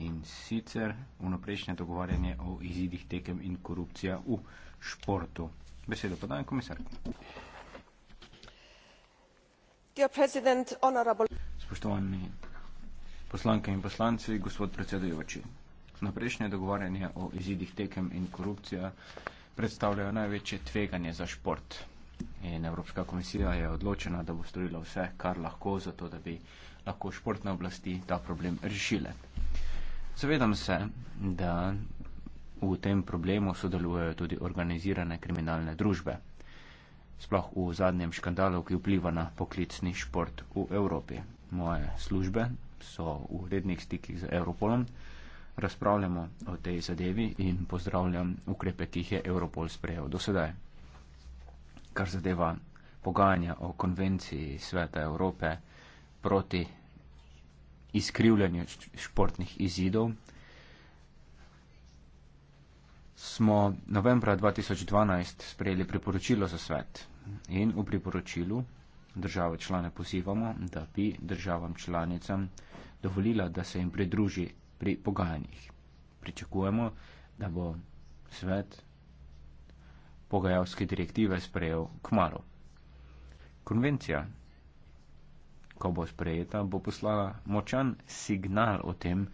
in sicer vnaprejšnje dogovarjanje o izidih tekem in korupcija v športu. Besedo podajam komisarku. Spoštovani poslanke in poslanci, gospod predsedujoči. Vnaprejšnje dogovarjanje o izidih tekem in korupcija predstavljajo največje tveganje za šport. In Evropska komisija je odločena, da bo storila vse, kar lahko, zato da bi lahko športne oblasti ta problem rešile. Zavedam se, da v tem problemu sodelujejo tudi organizirane kriminalne družbe, sploh v zadnjem škandalu, ki vpliva na poklicni šport v Evropi. Moje službe so v rednih stikih z Europolom, razpravljamo o tej zadevi in pozdravljam ukrepe, ki jih je Europol sprejel do sedaj. Kar zadeva pogajanja o konvenciji Sveta Evrope proti izkrivljanje športnih izidov, smo novembra 2012 sprejeli priporočilo za svet in v priporočilu države člane pozivamo, da bi državam članicam dovolila, da se jim pridruži pri pogajanjih. Pričakujemo, da bo svet pogajalske direktive sprejel k malu. Konvencija ko bo sprejeta, bo poslala močan signal o tem,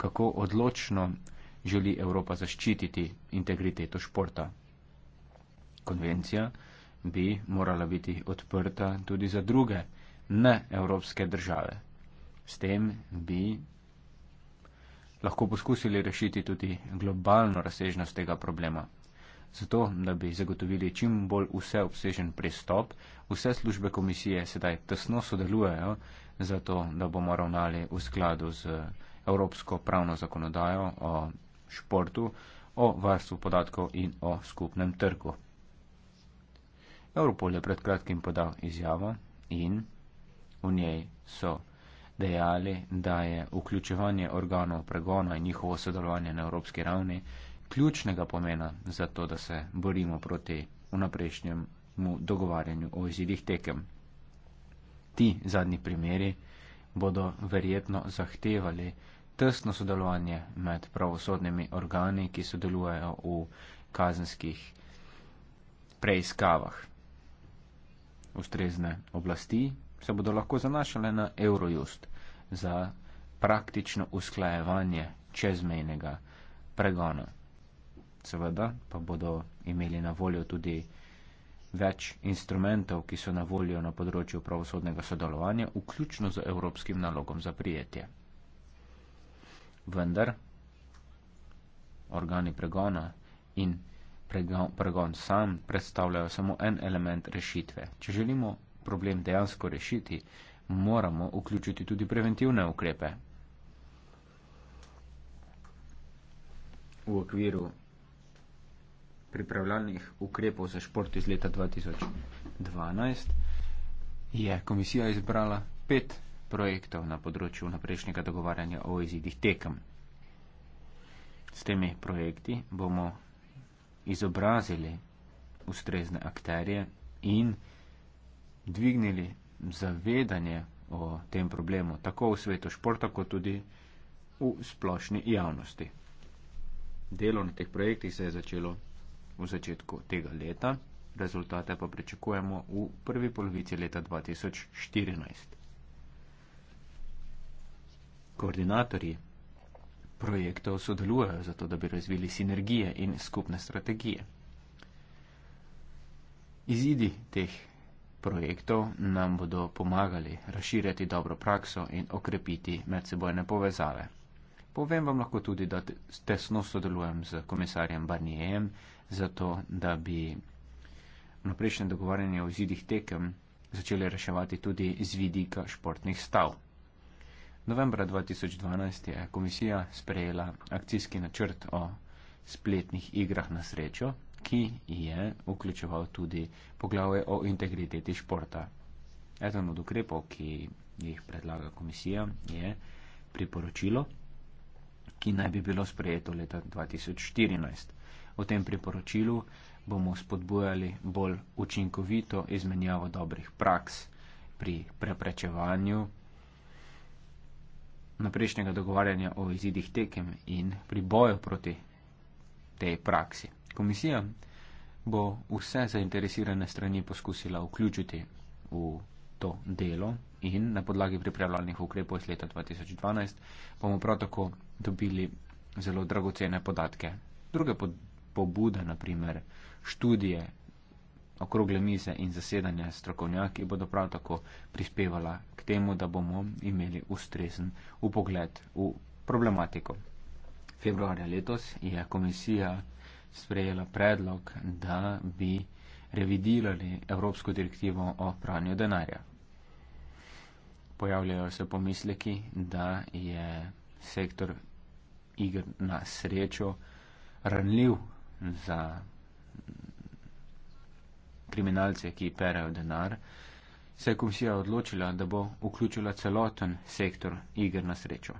kako odločno želi Evropa zaščititi integriteto športa. Konvencija bi morala biti odprta tudi za druge neevropske države. S tem bi lahko poskusili rešiti tudi globalno razsežnost tega problema. Zato, da bi zagotovili čim bolj vseobsežen pristop, vse službe komisije sedaj tesno sodelujejo, zato da bomo ravnali v skladu z Evropsko pravno zakonodajo o športu, o varstvu podatkov in o skupnem trgu. Europol je pred kratkim podal izjavo in v njej so dejali, da je vključevanje organov pregona in njihovo sodelovanje na evropski ravni ključnega pomena za to, da se borimo proti vnaprejšnjemu dogovarjanju o izidih tekem. Ti zadnji primeri bodo verjetno zahtevali tesno sodelovanje med pravosodnimi organi, ki sodelujejo v kazenskih preiskavah. Ustrezne oblasti se bodo lahko zanašale na Eurojust za praktično usklajevanje čezmejnega pregona seveda, pa bodo imeli na voljo tudi več instrumentov, ki so na voljo na področju pravosodnega sodelovanja, vključno z evropskim nalogom za prijetje. Vendar organi pregona in pregon, pregon sam predstavljajo samo en element rešitve. Če želimo problem dejansko rešiti, moramo vključiti tudi preventivne ukrepe. V okviru pripravljalnih ukrepov za šport iz leta 2012 je komisija izbrala pet projektov na področju naprejšnjega dogovarjanja o izidih tekem. S temi projekti bomo izobrazili ustrezne akterje in dvignili zavedanje o tem problemu tako v svetu športa, kot tudi v splošni javnosti. Delo na teh projektih se je začelo v začetku tega leta, rezultate pa pričakujemo v prvi polovici leta 2014. Koordinatorji projektov sodelujejo zato, da bi razvili sinergije in skupne strategije. Izidi teh projektov nam bodo pomagali razširjati dobro prakso in okrepiti medsebojne povezave. Povem vam lahko tudi, da tesno sodelujem z komisarjem Barnijem, zato da bi naprejšnje dogovarjanje o zidih tekem začeli reševati tudi z vidika športnih stav. Novembra 2012 je komisija sprejela akcijski načrt o spletnih igrah na srečo, ki je vključeval tudi poglavje o integriteti športa. Eden od ukrepov, ki jih predlaga komisija, je priporočilo, ki naj bi bilo sprejeto leta 2014. V tem priporočilu bomo spodbujali bolj učinkovito izmenjavo dobrih praks pri preprečevanju naprejšnjega dogovarjanja o izidih tekem in pri boju proti tej praksi. Komisija bo vse zainteresirane strani poskusila vključiti v to delo in na podlagi pripravljalnih ukrepov iz leta 2012 bomo prav tako dobili zelo dragocene podatke. Druge pod, pobude, naprimer študije, okrogle mize in zasedanja strokovnjaki bodo prav tako prispevala k temu, da bomo imeli ustrezen upogled v problematiko. Februarja letos je komisija sprejela predlog, da bi revidirali Evropsko direktivo o pranju denarja. Pojavljajo se pomisleki, da je sektor igr na srečo ranljiv za kriminalce, ki perajo denar, se je komisija odločila, da bo vključila celoten sektor igr na srečo.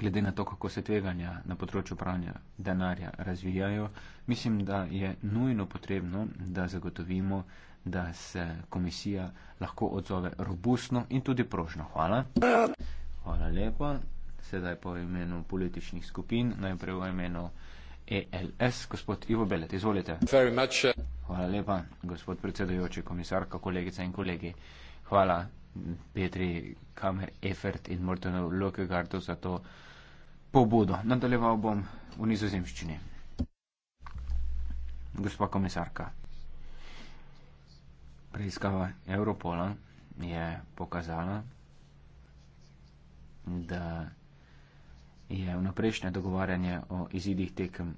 Glede na to, kako se tveganja na področju pranja denarja razvijajo, mislim, da je nujno potrebno, da zagotovimo, da se komisija lahko odzove robustno in tudi prožno. Hvala. Ja. Hvala lepa sedaj po imenu političnih skupin, najprej v imenu ELS, gospod Ivo Belet, izvolite. Uh, Hvala lepa, gospod predsedujoči, komisarka, kolegice in kolegi. Hvala Petri Kamer, Efert in Mortenu Lokegardu za to pobudo. Nadaljeval bom v nizozemščini. Gospa komisarka, preiskava Europola je pokazala, da je vnaprejšnje dogovarjanje o izidih tekem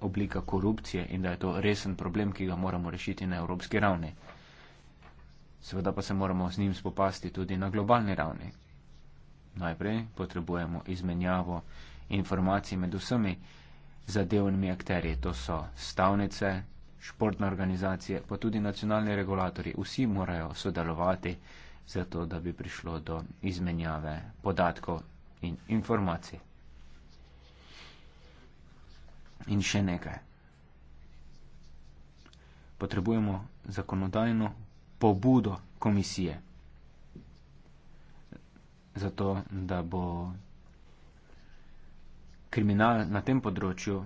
oblika korupcije in da je to resen problem, ki ga moramo rešiti na evropski ravni. Seveda pa se moramo z njim spopasti tudi na globalni ravni. Najprej potrebujemo izmenjavo informacij med vsemi zadevnimi akterji, to so stavnice, športne organizacije, pa tudi nacionalni regulatori. Vsi morajo sodelovati, zato da bi prišlo do izmenjave podatkov in informacij. In še nekaj. Potrebujemo zakonodajno pobudo komisije, zato da bo kriminal na tem področju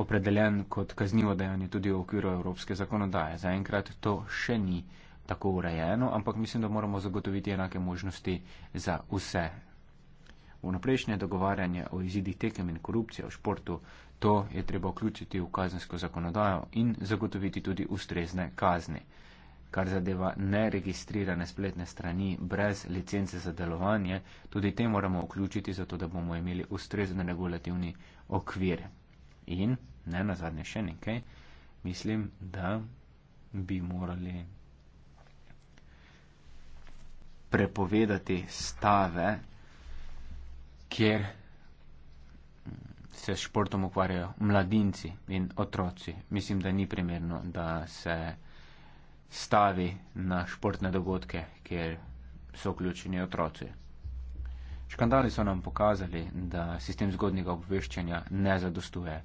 opredeljen kot kaznivo dejanje tudi v okviru evropske zakonodaje. Zaenkrat to še ni tako urejeno, ampak mislim, da moramo zagotoviti enake možnosti za vse vnaprejšnje dogovarjanje o izidih tekem in korupcije v športu, to je treba vključiti v kazensko zakonodajo in zagotoviti tudi ustrezne kazni. Kar zadeva neregistrirane spletne strani brez licence za delovanje, tudi te moramo vključiti, zato da bomo imeli ustrezne regulativni okvir. In, ne nazadnje še nekaj, mislim, da bi morali prepovedati stave, kjer se s športom ukvarjajo mladinci in otroci. Mislim, da ni primerno, da se stavi na športne dogodke, kjer so vključeni otroci. Škandali so nam pokazali, da sistem zgodnjega obveščanja ne zadostuje.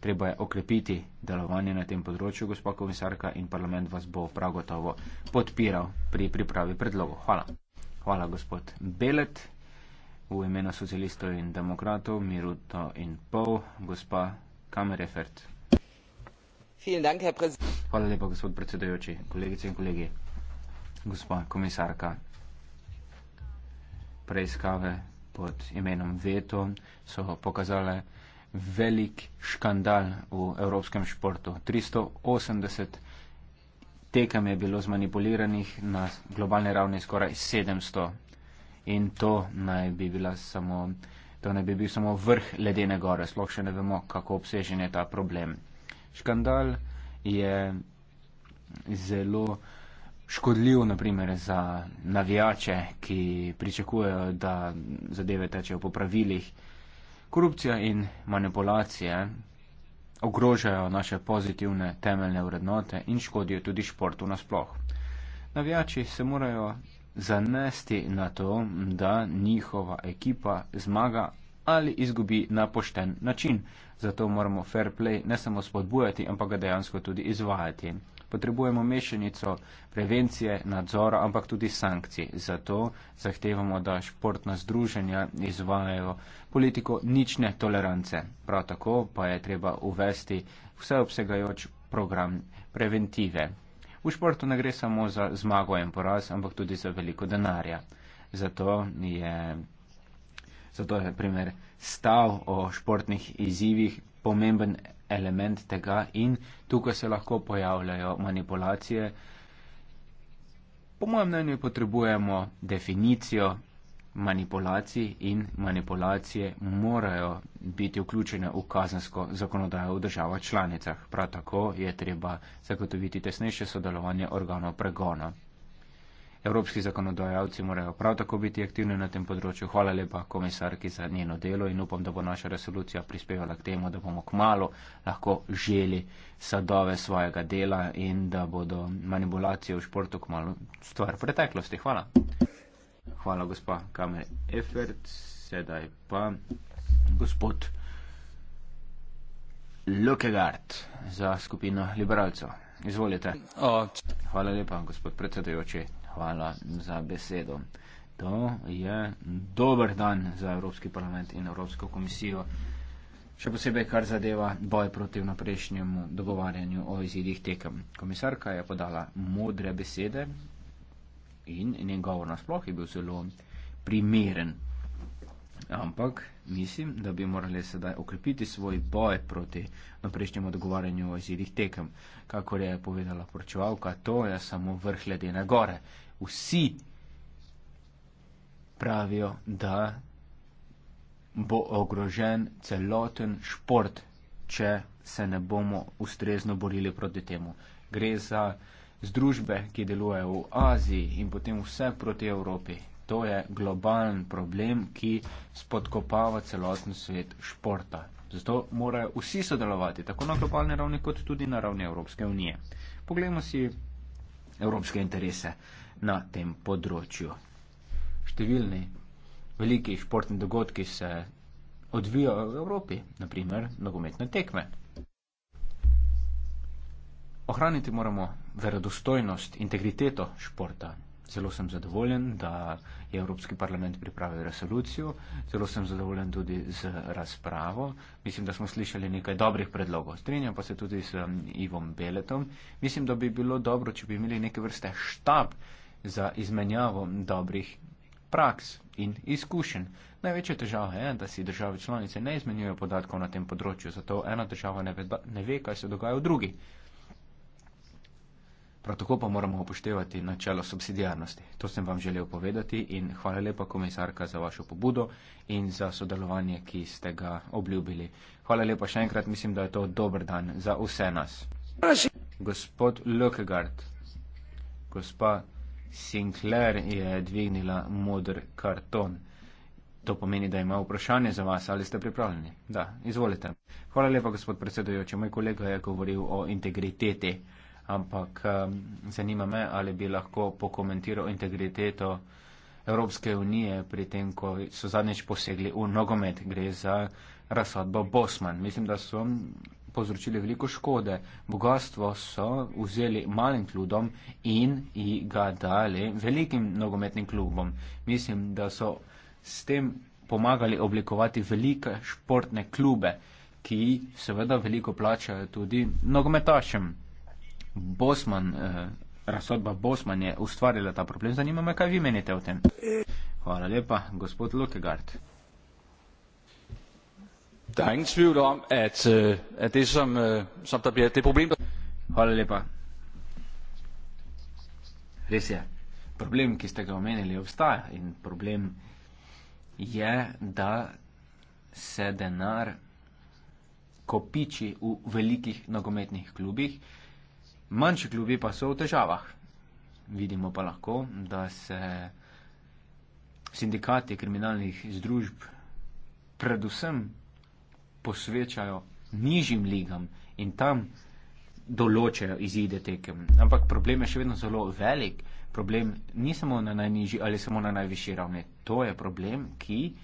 Treba je okrepiti delovanje na tem področju, gospa komisarka, in parlament vas bo prav gotovo podpiral pri pripravi predlogov. Hvala. Hvala, gospod Belet v imenu socialistov in demokratov, Miruto in pol, gospa Kamerefert. Hvala lepa, gospod predsedujoči, kolegice in kolegi, gospa komisarka. Preiskave pod imenom Veto so pokazale velik škandal v evropskem športu. 380 tekem je bilo zmanipuliranih na globalni ravni skoraj 700 in to naj bi bila samo. To ne bi bil samo vrh ledene gore, sploh še ne vemo, kako obsežen je ta problem. Škandal je zelo škodljiv, naprimer, za navijače, ki pričakujejo, da zadeve tečejo po pravilih. Korupcija in manipulacije ogrožajo naše pozitivne temeljne vrednote in škodijo tudi športu nasploh. Navijači se morajo zanesti na to, da njihova ekipa zmaga ali izgubi na pošten način. Zato moramo fair play ne samo spodbujati, ampak ga dejansko tudi izvajati. Potrebujemo mešanico prevencije, nadzora, ampak tudi sankcij. Zato zahtevamo, da športna združenja izvajajo politiko nične tolerance. Prav tako pa je treba uvesti vseobsegajoč program preventive. V športu ne gre samo za zmago in poraz, ampak tudi za veliko denarja. Zato je, zato je primer stav o športnih izzivih pomemben element tega in tukaj se lahko pojavljajo manipulacije. Po mojem mnenju potrebujemo definicijo manipulacij in manipulacije morajo biti vključene v kazansko zakonodajo v državah članicah. Prav tako je treba zagotoviti tesnejše sodelovanje organov pregona. Evropski zakonodajalci morajo prav tako biti aktivni na tem področju. Hvala lepa komisarki za njeno delo in upam, da bo naša resolucija prispevala k temu, da bomo kmalo lahko želi sadove svojega dela in da bodo manipulacije v športu kmalo stvar preteklosti. Hvala. Hvala, gospa Kamer Efert. Sedaj pa gospod Lokegard za skupino liberalcev. Izvolite. Hvala lepa, gospod predsedujoči. Hvala za besedo. To je dober dan za Evropski parlament in Evropsko komisijo. Še posebej, kar zadeva boj proti naprejšnjemu dogovarjanju o izidih tekem. Komisarka je podala modre besede, in njen govor nasploh je bil zelo primeren. Ampak mislim, da bi morali sedaj okrepiti svoj boj proti naprejšnjemu dogovarjanju o zidih tekem. Kakor je povedala poročevalka, to je samo vrh ledene gore. Vsi pravijo, da bo ogrožen celoten šport, če se ne bomo ustrezno borili proti temu. Gre za združbe, ki delujejo v Aziji in potem vse proti Evropi. To je globalen problem, ki spodkopava celoten svet športa. Zato morajo vsi sodelovati, tako na globalni ravni, kot tudi na ravni Evropske unije. Poglejmo si evropske interese na tem področju. Številni veliki športni dogodki se odvijajo v Evropi, naprimer nogometne tekme. Ohraniti moramo verodostojnost, integriteto športa. Zelo sem zadovoljen, da je Evropski parlament pripravil resolucijo, zelo sem zadovoljen tudi z razpravo. Mislim, da smo slišali nekaj dobrih predlogov. Strinjam pa se tudi s um, Ivom Beletom. Mislim, da bi bilo dobro, če bi imeli neke vrste štab za izmenjavo dobrih praks in izkušenj. Največja težava je, da si države članice ne izmenjujo podatkov na tem področju, zato ena država ne ve, ne ve kaj se dogaja v drugi prav tako pa moramo upoštevati načelo subsidijarnosti. To sem vam želel povedati in hvala lepa, komisarka, za vašo pobudo in za sodelovanje, ki ste ga obljubili. Hvala lepa še enkrat, mislim, da je to dober dan za vse nas. Gospod Lukegard, gospa Sinclair je dvignila modr karton. To pomeni, da ima vprašanje za vas, ali ste pripravljeni. Da, izvolite. Hvala lepa, gospod predsedujoči. Moj kolega je govoril o integriteti ampak um, zanima me, ali bi lahko pokomentiral integriteto Evropske unije pri tem, ko so zadnjič posegli v nogomet, gre za razsodbo Bosman. Mislim, da so povzročili veliko škode. Bogatstvo so vzeli malim kludom in ga dali velikim nogometnim klubom. Mislim, da so s tem pomagali oblikovati velike športne klube, ki seveda veliko plačajo tudi nogometašem. Bosman, eh, razsodba Bosman je ustvarila ta problem. Zanima me, kaj vi menite o tem. Hvala lepa, gospod Lukegard. Da, er ingen tvivl o tem, da je to problem. Hvala lepa. Res je. Problem, ki ste ga omenili, obstaja in problem je, da se denar kopiči v velikih nogometnih klubih manjši klubi pa so v težavah. Vidimo pa lahko, da se sindikati kriminalnih združb predvsem posvečajo nižjim ligam in tam določajo izide tekem. Ampak problem je še vedno zelo velik. Problem ni samo na najnižji ali samo na najvišji ravni. To je problem, ki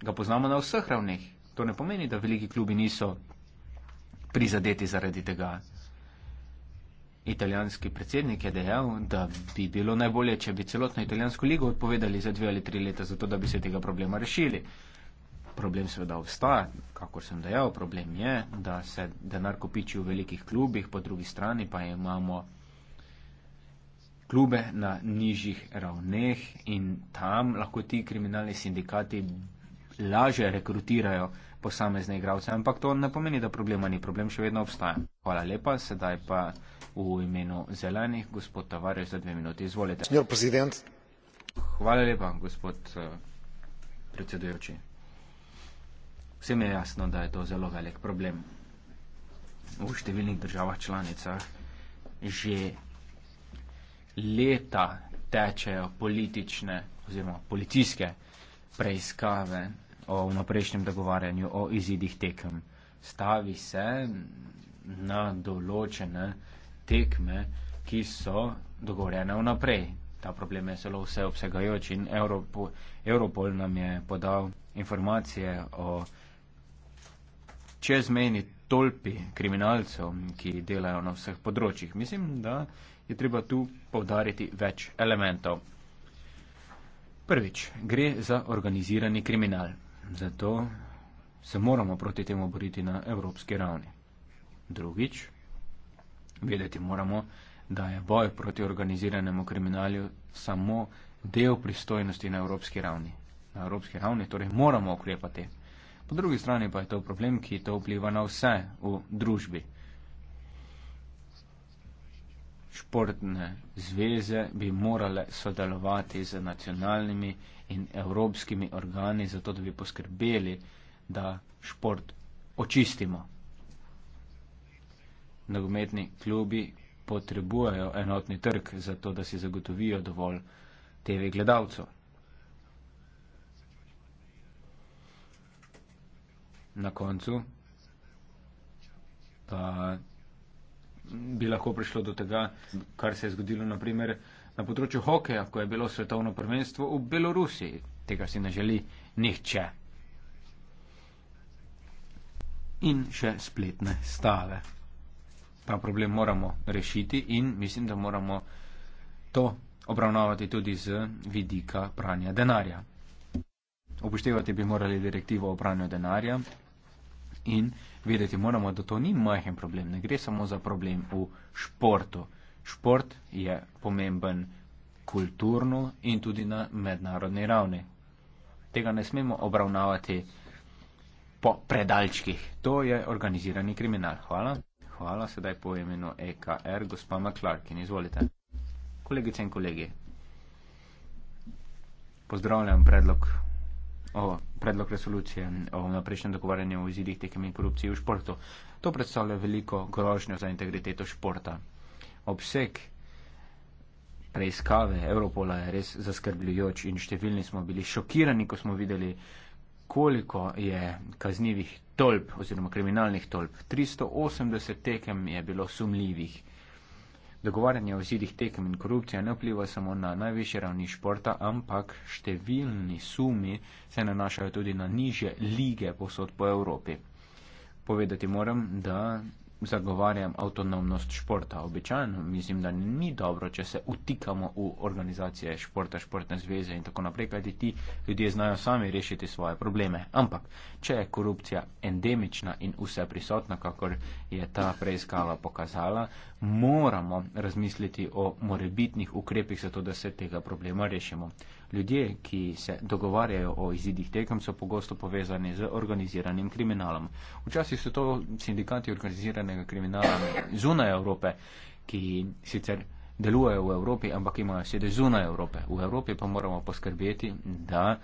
ga poznamo na vseh ravneh. To ne pomeni, da veliki klubi niso prizadeti zaradi tega. Italijanski predsednik je dejal, da bi bilo najbolje, če bi celotno italijansko ligo odpovedali za dve ali tri leta, zato da bi se tega problema rešili. Problem seveda obstaja, kako sem dejal, problem je, da se denar kopiči v velikih klubih, po drugi strani pa imamo klube na nižjih ravneh in tam lahko ti kriminalni sindikati lažje rekrutirajo posamezne igralce, ampak to ne pomeni, da problema ni, problem še vedno obstaja. Hvala lepa, sedaj pa v imenu zelenih, gospod Tavares, za dve minuti. Izvolite. Hvala lepa, gospod eh, predsedujoči. Vsem je jasno, da je to zelo velik problem v številnih državah članicah. Že leta tečejo politične oziroma policijske preiskave o vnaprejšnjem dogovarjanju, o izidih tekem. Stavi se na določene tekme, ki so dogovorjene vnaprej. Ta problem je zelo vseobsegajoč in Europol, Europol nam je podal informacije o čezmejni tolpi kriminalcev, ki delajo na vseh področjih. Mislim, da je treba tu povdariti več elementov. Prvič, gre za organizirani kriminal. Zato se moramo proti temu boriti na evropski ravni. Drugič, vedeti moramo, da je boj proti organiziranemu kriminalju samo del pristojnosti na evropski ravni. Na evropski ravni torej moramo ukrepati. Po drugi strani pa je to problem, ki to vpliva na vse v družbi športne zveze bi morale sodelovati z nacionalnimi in evropskimi organi, zato da bi poskrbeli, da šport očistimo. Nogometni klubi potrebujejo enotni trg, zato da si zagotovijo dovolj TV gledalcev. Na koncu pa bi lahko prišlo do tega, kar se je zgodilo naprimer na področju hokeja, ko je bilo svetovno prvenstvo v Belorusiji. Tega si ne želi nihče. In še spletne stave. Ta problem moramo rešiti in mislim, da moramo to obravnavati tudi z vidika pranja denarja. Upoštevati bi morali direktivo o pranju denarja in vedeti moramo, da to ni majhen problem, ne gre samo za problem v športu. Šport je pomemben kulturno in tudi na mednarodni ravni. Tega ne smemo obravnavati po predalčkih. To je organizirani kriminal. Hvala. Hvala sedaj po imenu EKR, gospa McClarkin. Izvolite. Kolegice in kolegi, pozdravljam predlog o predlog resolucije o naprejšnjem dogovarjanju o izidih tekem in korupciji v športu. To predstavlja veliko grožnjo za integriteto športa. Obseg preiskave Evropola je res zaskrbljujoč in številni smo bili šokirani, ko smo videli, koliko je kaznivih tolp oziroma kriminalnih tolp. 380 tekem je bilo sumljivih. Dogovarjanje o zidih tekem in korupcija ne vpliva samo na najviše ravni športa, ampak številni sumi se nanašajo tudi na niže lige posod po Evropi. Povedati moram, da zagovarjam avtonomnost športa. Običajno mislim, da ni dobro, če se utikamo v organizacije športa, športne zveze in tako naprej, kajti ti ljudje znajo sami rešiti svoje probleme. Ampak, če je korupcija endemična in vse prisotna, kakor je ta preiskava pokazala, moramo razmisliti o morebitnih ukrepih za to, da se tega problema rešimo. Ljudje, ki se dogovarjajo o izidih tekem, so pogosto povezani z organiziranim kriminalom. Včasih so to sindikati organiziranega kriminala zunaj Evrope, ki sicer delujejo v Evropi, ampak imajo sedež zunaj Evrope. V Evropi pa moramo poskrbeti, da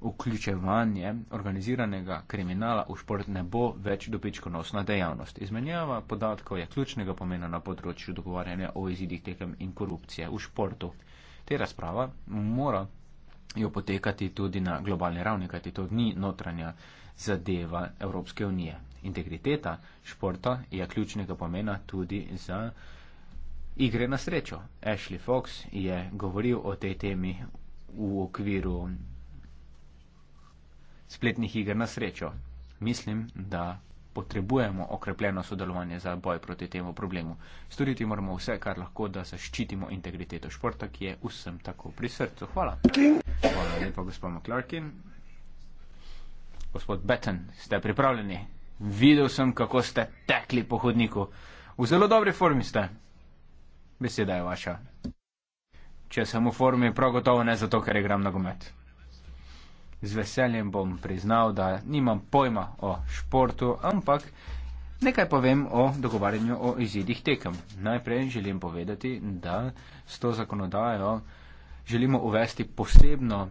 vključevanje organiziranega kriminala v šport ne bo več dobičkonosna dejavnost. Izmenjava podatkov je ključnega pomena na področju dogovarjanja o izidih tekem in korupcije v športu. Te razprava mora jo potekati tudi na globalni ravni, kajti to ni notranja zadeva Evropske unije. Integriteta športa je ključnega pomena tudi za igre na srečo. Ashley Fox je govoril o tej temi v okviru spletnih iger na srečo. Mislim, da potrebujemo okrepljeno sodelovanje za boj proti temu problemu. Storiti moramo vse, kar lahko, da zaščitimo integriteto športa, ki je vsem tako pri srcu. Hvala. Hvala lepa, gospod McClarkin. Gospod Betten, ste pripravljeni? Videl sem, kako ste tekli po hodniku. V zelo dobri formi ste. Beseda je vaša. Če sem v formi, prav gotovo ne zato, ker igram nogomet z veseljem bom priznal, da nimam pojma o športu, ampak nekaj povem o dogovarjanju o izidih tekem. Najprej želim povedati, da s to zakonodajo želimo uvesti posebno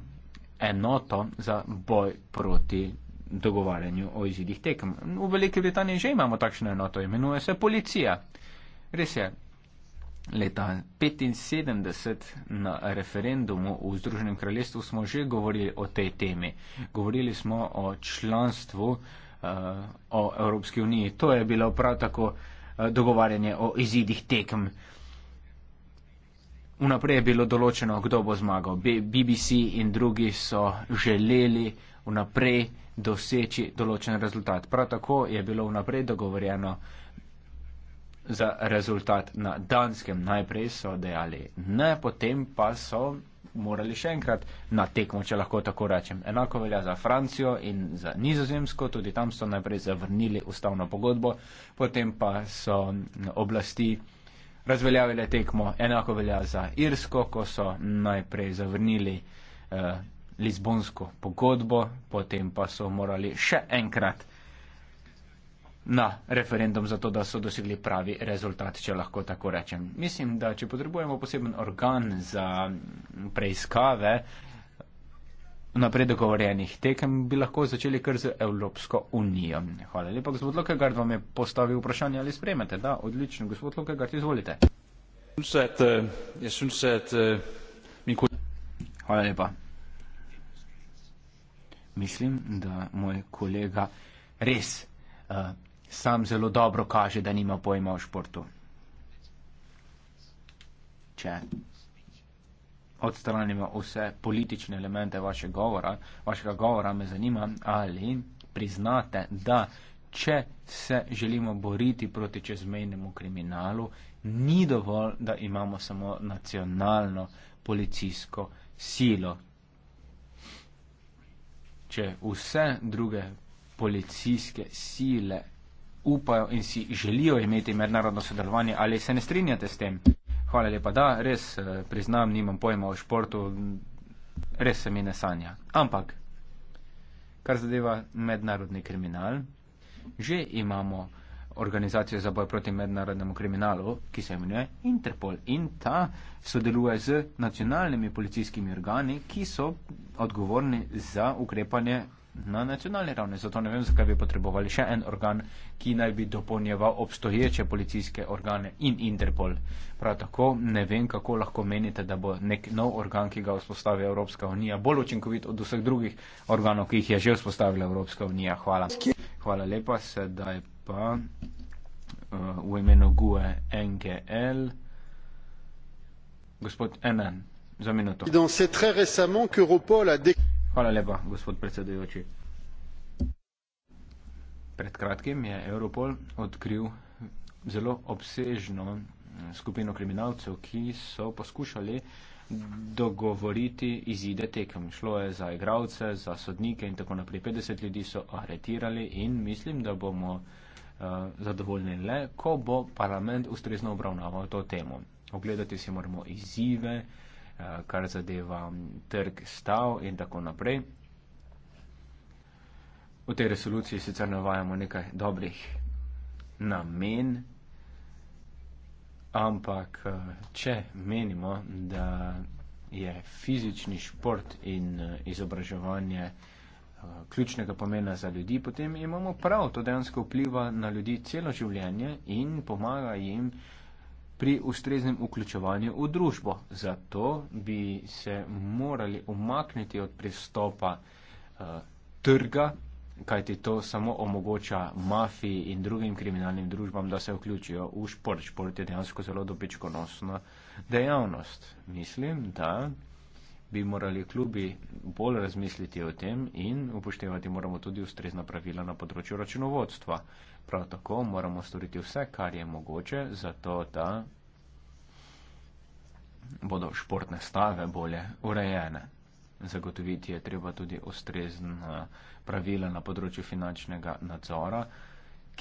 enoto za boj proti dogovarjanju o izidih tekem. V Veliki Britaniji že imamo takšno enoto, imenuje se policija. Res je, leta 1975 na referendumu v Združenem kraljestvu smo že govorili o tej temi. Govorili smo o članstvu eh, o Evropski uniji. To je bilo prav tako eh, dogovarjanje o izidih tekem. Vnaprej je bilo določeno, kdo bo zmagal. BBC in drugi so želeli vnaprej doseči določen rezultat. Prav tako je bilo vnaprej dogovorjeno, za rezultat na Danskem. Najprej so dejali ne, potem pa so morali še enkrat na tekmo, če lahko tako rečem. Enako velja za Francijo in za Nizozemsko, tudi tam so najprej zavrnili ustavno pogodbo, potem pa so oblasti razveljavile tekmo. Enako velja za Irsko, ko so najprej zavrnili eh, Lizbonsko pogodbo, potem pa so morali še enkrat na referendum za to, da so dosegli pravi rezultat, če lahko tako rečem. Mislim, da če potrebujemo poseben organ za preiskave napredek govorjenih tekem, bi lahko začeli kar z Evropsko unijo. Hvala lepa, gospod Lokegard, vam je postavil vprašanje ali spremete. Da, odlično, gospod Lokegard, izvolite. Hvala lepa. Mislim, da moj kolega res uh, sam zelo dobro kaže, da nima pojma o športu. Če odstranimo vse politične elemente vaše govora, vašega govora, me zanima, ali priznate, da če se želimo boriti proti čezmejnemu kriminalu, ni dovolj, da imamo samo nacionalno policijsko silo. Če vse druge policijske sile upajo in si želijo imeti mednarodno sodelovanje. Ali se ne strinjate s tem? Hvala lepa, da, res eh, priznam, nimam pojma o športu, res se mi ne sanja. Ampak, kar zadeva mednarodni kriminal, že imamo organizacijo za boj proti mednarodnemu kriminalu, ki se imenuje Interpol. In ta sodeluje z nacionalnimi policijskimi organi, ki so odgovorni za ukrepanje na nacionalni ravni. Zato ne vem, zakaj bi potrebovali še en organ, ki naj bi dopolnjeval obstoječe policijske organe in Interpol. Prav tako ne vem, kako lahko menite, da bo nek nov organ, ki ga vzpostavi Evropska unija, bolj učinkovit od vseh drugih organov, ki jih je že vzpostavila Evropska unija. Hvala. Hvala lepa, sedaj pa uh, v imenu GUE NGL. Gospod Enan, za minuto. Hvala lepa, gospod predsedujoči. Pred kratkim je Europol odkril zelo obsežno skupino kriminalcev, ki so poskušali dogovoriti izide tekem. Šlo je za igralce, za sodnike in tako naprej. 50 ljudi so aretirali in mislim, da bomo uh, zadovoljni le, ko bo parlament ustrezno obravnaval to temo. Ogledati si moramo izzive, uh, Eh, kar zadeva trg stav in tako naprej. V tej resoluciji sicer navajamo nekaj dobrih namen, ampak eh, če menimo, da je fizični šport in eh, izobraževanje ključnega pomena za ljudi, potem imamo prav, to dejansko vpliva na ljudi celo življenje in pomaga jim uh, pri ustreznem vključevanju v družbo. Zato bi se morali umakniti od pristopa uh, trga, kajti to samo omogoča mafiji in drugim kriminalnim družbam, da se vključijo v šport. Šport je dejansko zelo dobičkonosna dejavnost. Mislim, da bi morali klubi bolj razmisliti o tem in upoštevati moramo tudi ustrezna pravila na področju računovodstva. Uh, Prav tako moramo storiti vse, kar je mogoče, zato da bodo športne stave bolje urejene. Zagotoviti je treba tudi ustrezna pravila na področju finančnega nadzora,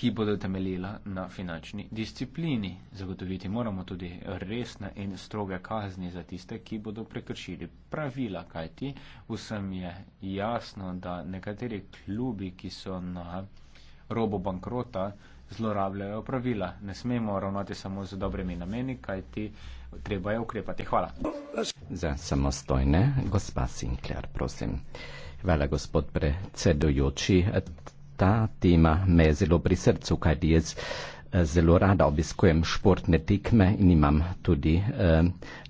ki bodo temeljila na finančni disciplini. Zagotoviti moramo tudi resne in stroge kazni za tiste, ki bodo prekršili pravila, kajti vsem je jasno, da nekateri klubi, ki so na robo bankrota, zlorabljajo pravila. Ne smemo ravnati samo z dobrimi nameni, kaj ti treba je ukrepati. Hvala. Za samostojne, gospa Sinkler, prosim. Hvala, gospod predsedujoči. Ta tema me je zelo pri srcu, kaj ti jaz eh, zelo rada obiskujem športne tekme in imam tudi eh,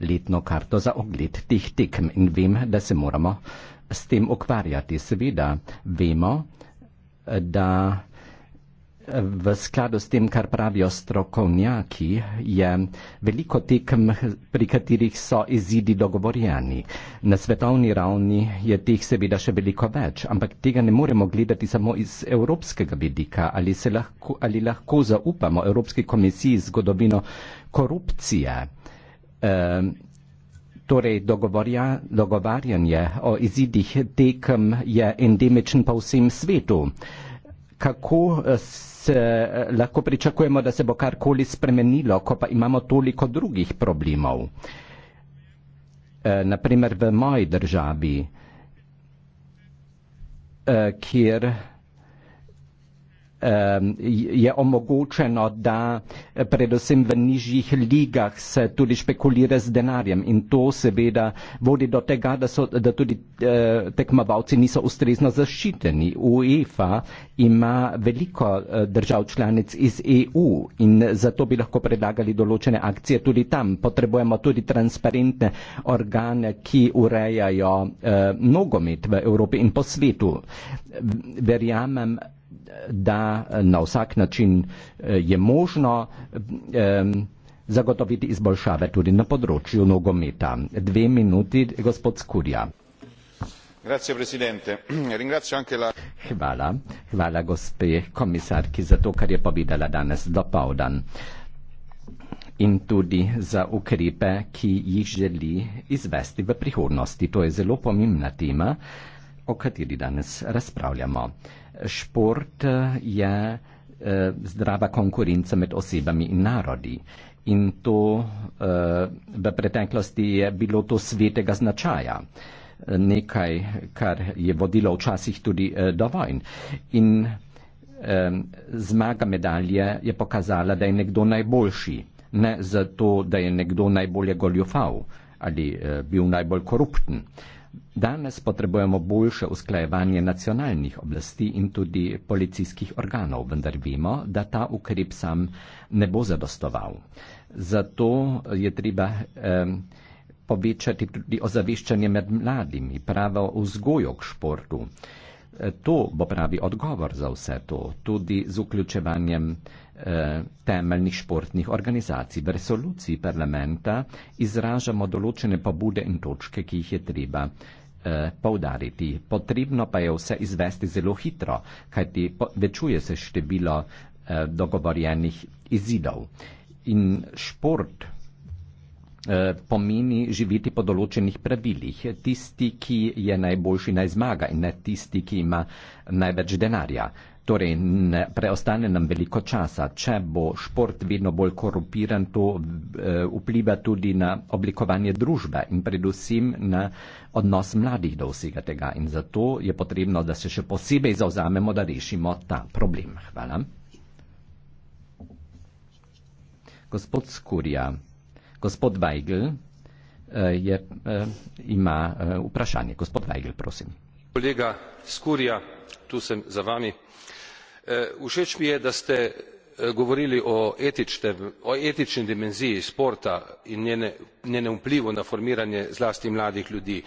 letno karto za ogled tih tekm in vem, da se moramo s tem ukvarjati. Seveda vemo, eh, da V skladu s tem, kar pravijo strokovnjaki, je veliko tekem, pri katerih so izidi dogovorjeni. Na svetovni ravni je teh seveda še veliko več, ampak tega ne moremo gledati samo iz evropskega vidika. Ali, lahko, ali lahko zaupamo Evropski komisiji zgodovino korupcije? E, torej dogovorja, dogovarjanje o izidih tekem je endemičen pa vsem svetu kako eh, se eh, lahko pričakujemo, da se bo karkoli spremenilo, ko pa imamo toliko drugih problemov. Eh, Naprimer v moji državi, kjer je omogočeno, da eh, predvsem v nižjih ligah se tudi špekulira z denarjem in to seveda vodi do tega, da, so, da tudi eh, tekmovalci niso ustrezno zaščiteni. UEFA ima veliko eh, držav članic iz EU in zato bi lahko predlagali določene akcije tudi tam. Potrebujemo tudi transparentne organe, ki urejajo nogomet v Evropi in po svetu. Verjamem, da eh, na vsak način eh, je možno zagotoviti izboljšave tudi na področju nogometa. Dve minuti, gospod Skurja. Hvala, hvala gospe komisarki za to, kar je povedala danes do povdan in tudi za ukrepe, ki jih želi izvesti v prihodnosti. To je zelo pomembna tema, o kateri danes razpravljamo šport eh, je eh, zdrava konkurenca med osebami in narodi. In to eh, v preteklosti je bilo to svetega značaja, nekaj, kar je vodilo včasih tudi eh, do vojn. In eh, zmaga medalje je pokazala, da je nekdo najboljši, ne zato, da je nekdo najbolje goljufal ali eh, bil najbolj korupten. Danes potrebujemo boljše usklajevanje nacionalnih oblasti in tudi policijskih organov, vendar vemo, da ta ukrep sam ne bo zadostoval. Zato je treba eh, povečati tudi ozaveščanje med mladimi, pravo vzgojo k športu. E, to bo pravi odgovor za vse to, tudi z vključevanjem eh, Eh, temeljnih športnih organizacij. V resoluciji parlamenta izražamo določene pobude in točke, ki jih je treba eh, poudariti. Potrebno pa je vse izvesti zelo hitro, kajti večuje se število eh, dogovorjenih izidov. In šport pomeni živeti po določenih pravilih. Tisti, ki je najboljši, naj zmaga in ne tisti, ki ima največ denarja. Torej, preostane nam veliko časa. Če bo šport vedno bolj korumpiran, to eh, vpliva tudi na oblikovanje družbe in predvsem na odnos mladih do vsega tega. In zato je potrebno, da se še posebej zauzamemo, da rešimo ta problem. Hvala. Gospod Skurja, gospod Weigl eh, je, eh, ima vprašanje. Gospod Weigl, prosim. Kolega Skurja, tu sem za vami. Eh, všeč mi je da ste eh, govorili o etični dimenziji športa in njenem vplivu na formiranje zlasti mladih ljudi.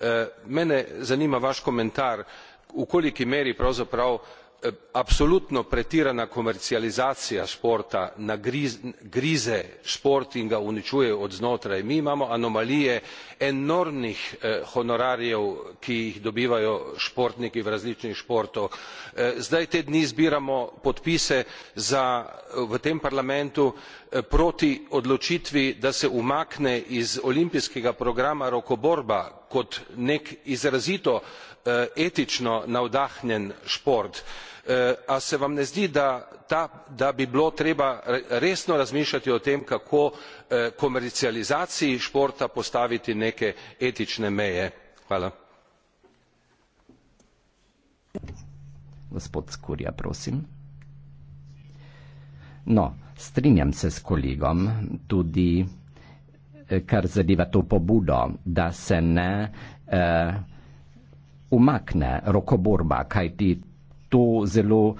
Eh, mene zanima vaš komentar v koliki meri pravzaprav Eh, absolutno pretirana komercializacija športa grize šport in ga uničuje od znotraj mi imamo anomalije enormnih eh, honorarjev ki jih dobivajo športniki v različnih športih eh, zdaj te dni zbiramo podpise za v tem parlamentu proti odločitvi da se umakne iz olimpijskega programa rokoborba kot nek izrazito eh, etično navdahnjen šport eh, a se vam ne zdi da bi bilo treba resno razmišljati o tem kako eh, komercializaciji športa postaviti neke etične meje. gospod Skurja, prosim. No, strinjam se s kolegom, tudi kar zadeva to pobudo, da se ne eh, umakne rokoborba, kajti to zelo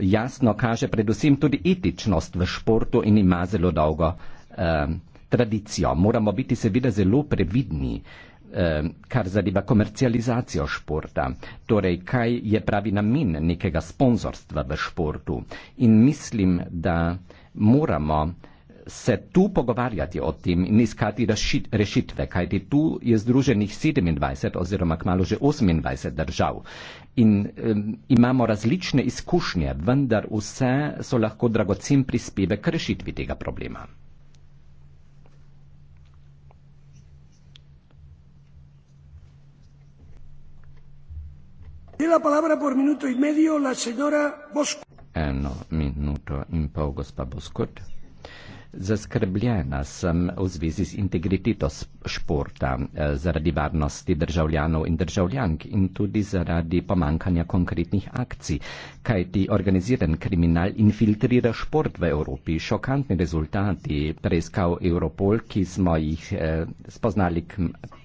jasno kaže predvsem tudi etičnost v športu in ima zelo dolgo eh, tradicijo. Moramo biti seveda zelo previdni, eh, kar zadeva komercializacijo športa, torej kaj je pravi namen nekega sponzorstva v športu. In mislim, da moramo se tu pogovarjati o tem in iskati rešitve, kajti tu je združenih 27 oziroma kmalo že 28 držav. In um, imamo različne izkušnje, vendar vse so lahko dragocen prispevek k rešitvi tega problema. Eno minuto in pol, gospa Boskot. Zaskrbljena sem v zvezi z integriteto športa, eh, zaradi varnosti državljanov in državljank in tudi zaradi pomankanja konkretnih akcij, kajti organiziran kriminal infiltrira šport v Evropi. Šokantni rezultati preiskav Europol, ki smo jih eh, spoznali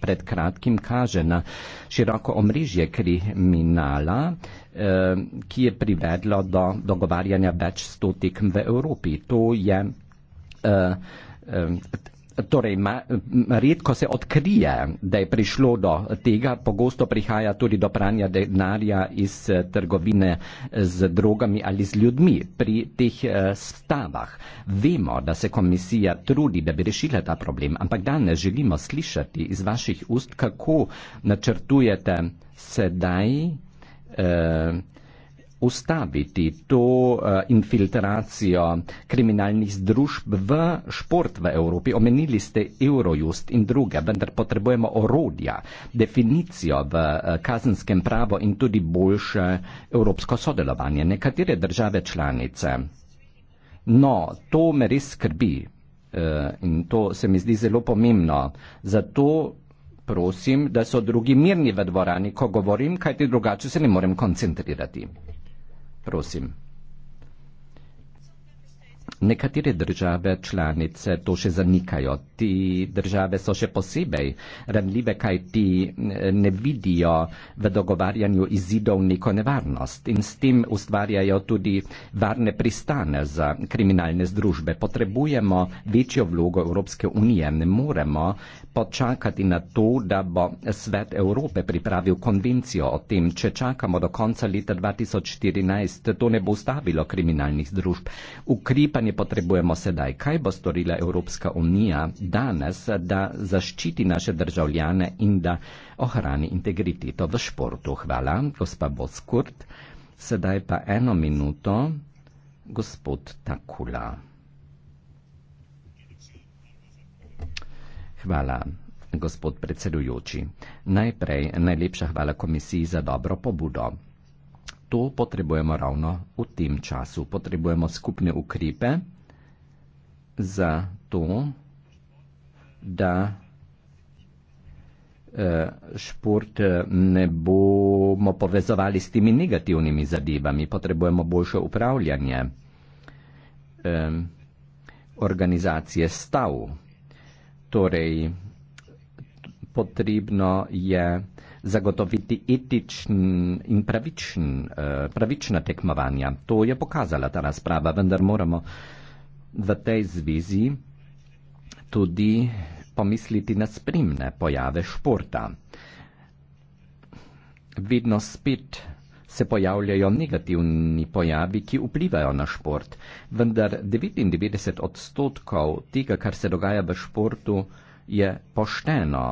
pred kratkim, kaže na široko omrežje kriminala eh, ki je privedlo do dogovarjanja več sto tekm v Evropi. To je Eh, eh, torej, redko se odkrije, da je prišlo do tega, pogosto prihaja tudi do pranja denarja iz eh, trgovine z drogami ali z ljudmi. Pri teh stavah vemo, da se komisija trudi, da bi rešila ta problem, ampak danes želimo slišati iz vaših ust, kako načrtujete sedaj. Eh, ustaviti to eh, infiltracijo kriminalnih združb v šport v Evropi. Omenili ste Eurojust in druge, vendar potrebujemo orodja, definicijo v eh, kazenskem pravo in tudi boljše evropsko sodelovanje. Nekatere države članice. No, to me res skrbi eh, in to se mi zdi zelo pomembno. Zato prosim, da so drugi mirni v dvorani, ko govorim, kajti drugače se ne morem koncentrirati prosim nekatere države članice to še zanikajo. Ti države so še posebej ranljive, kaj ti ne vidijo v dogovarjanju izidov neko nevarnost in s tem ustvarjajo tudi varne pristane za kriminalne združbe. Potrebujemo večjo vlogo Evropske unije. Ne moremo počakati na to, da bo svet Evrope pripravil konvencijo o tem, če čakamo do konca leta 2014, to ne bo ustavilo kriminalnih združb. Ukripanje strani potrebujemo sedaj? Kaj bo storila Evropska unija danes, da zaščiti naše državljane in da ohrani integriteto v športu? Hvala, gospa Boskurt. Sedaj pa eno minuto, gospod Takula. Hvala, gospod predsedujoči. Najprej najlepša hvala komisiji za dobro pobudo to potrebujemo ravno v tem času. Potrebujemo skupne ukrepe za to, da eh, šport eh, ne bomo povezovali s temi negativnimi zadevami. Potrebujemo boljše upravljanje eh, organizacije stav. Torej, potrebno je zagotoviti etičen in pravičen, eh, pravična tekmovanja. To je pokazala ta razprava, vendar moramo v tej zvezi tudi pomisliti na spremne pojave športa. Vedno spet se pojavljajo negativni pojavi, ki vplivajo na šport, vendar 99 odstotkov tega, kar se dogaja v športu, je pošteno,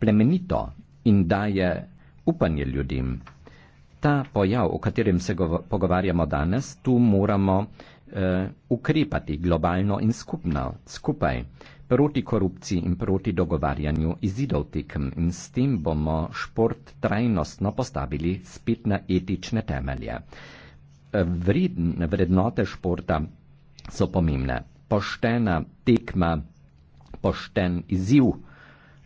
plemenito, in daje upanje ljudem. Ta pojav, o katerem se pogovarjamo danes, tu moramo eh, ukrepati globalno in skupno, skupaj proti korupciji in proti dogovarjanju izidov tekem in s tem bomo šport trajnostno postavili spet na etične temelje. Eh, Vredne vrednote športa so pomembne. Poštena tekma, pošten izziv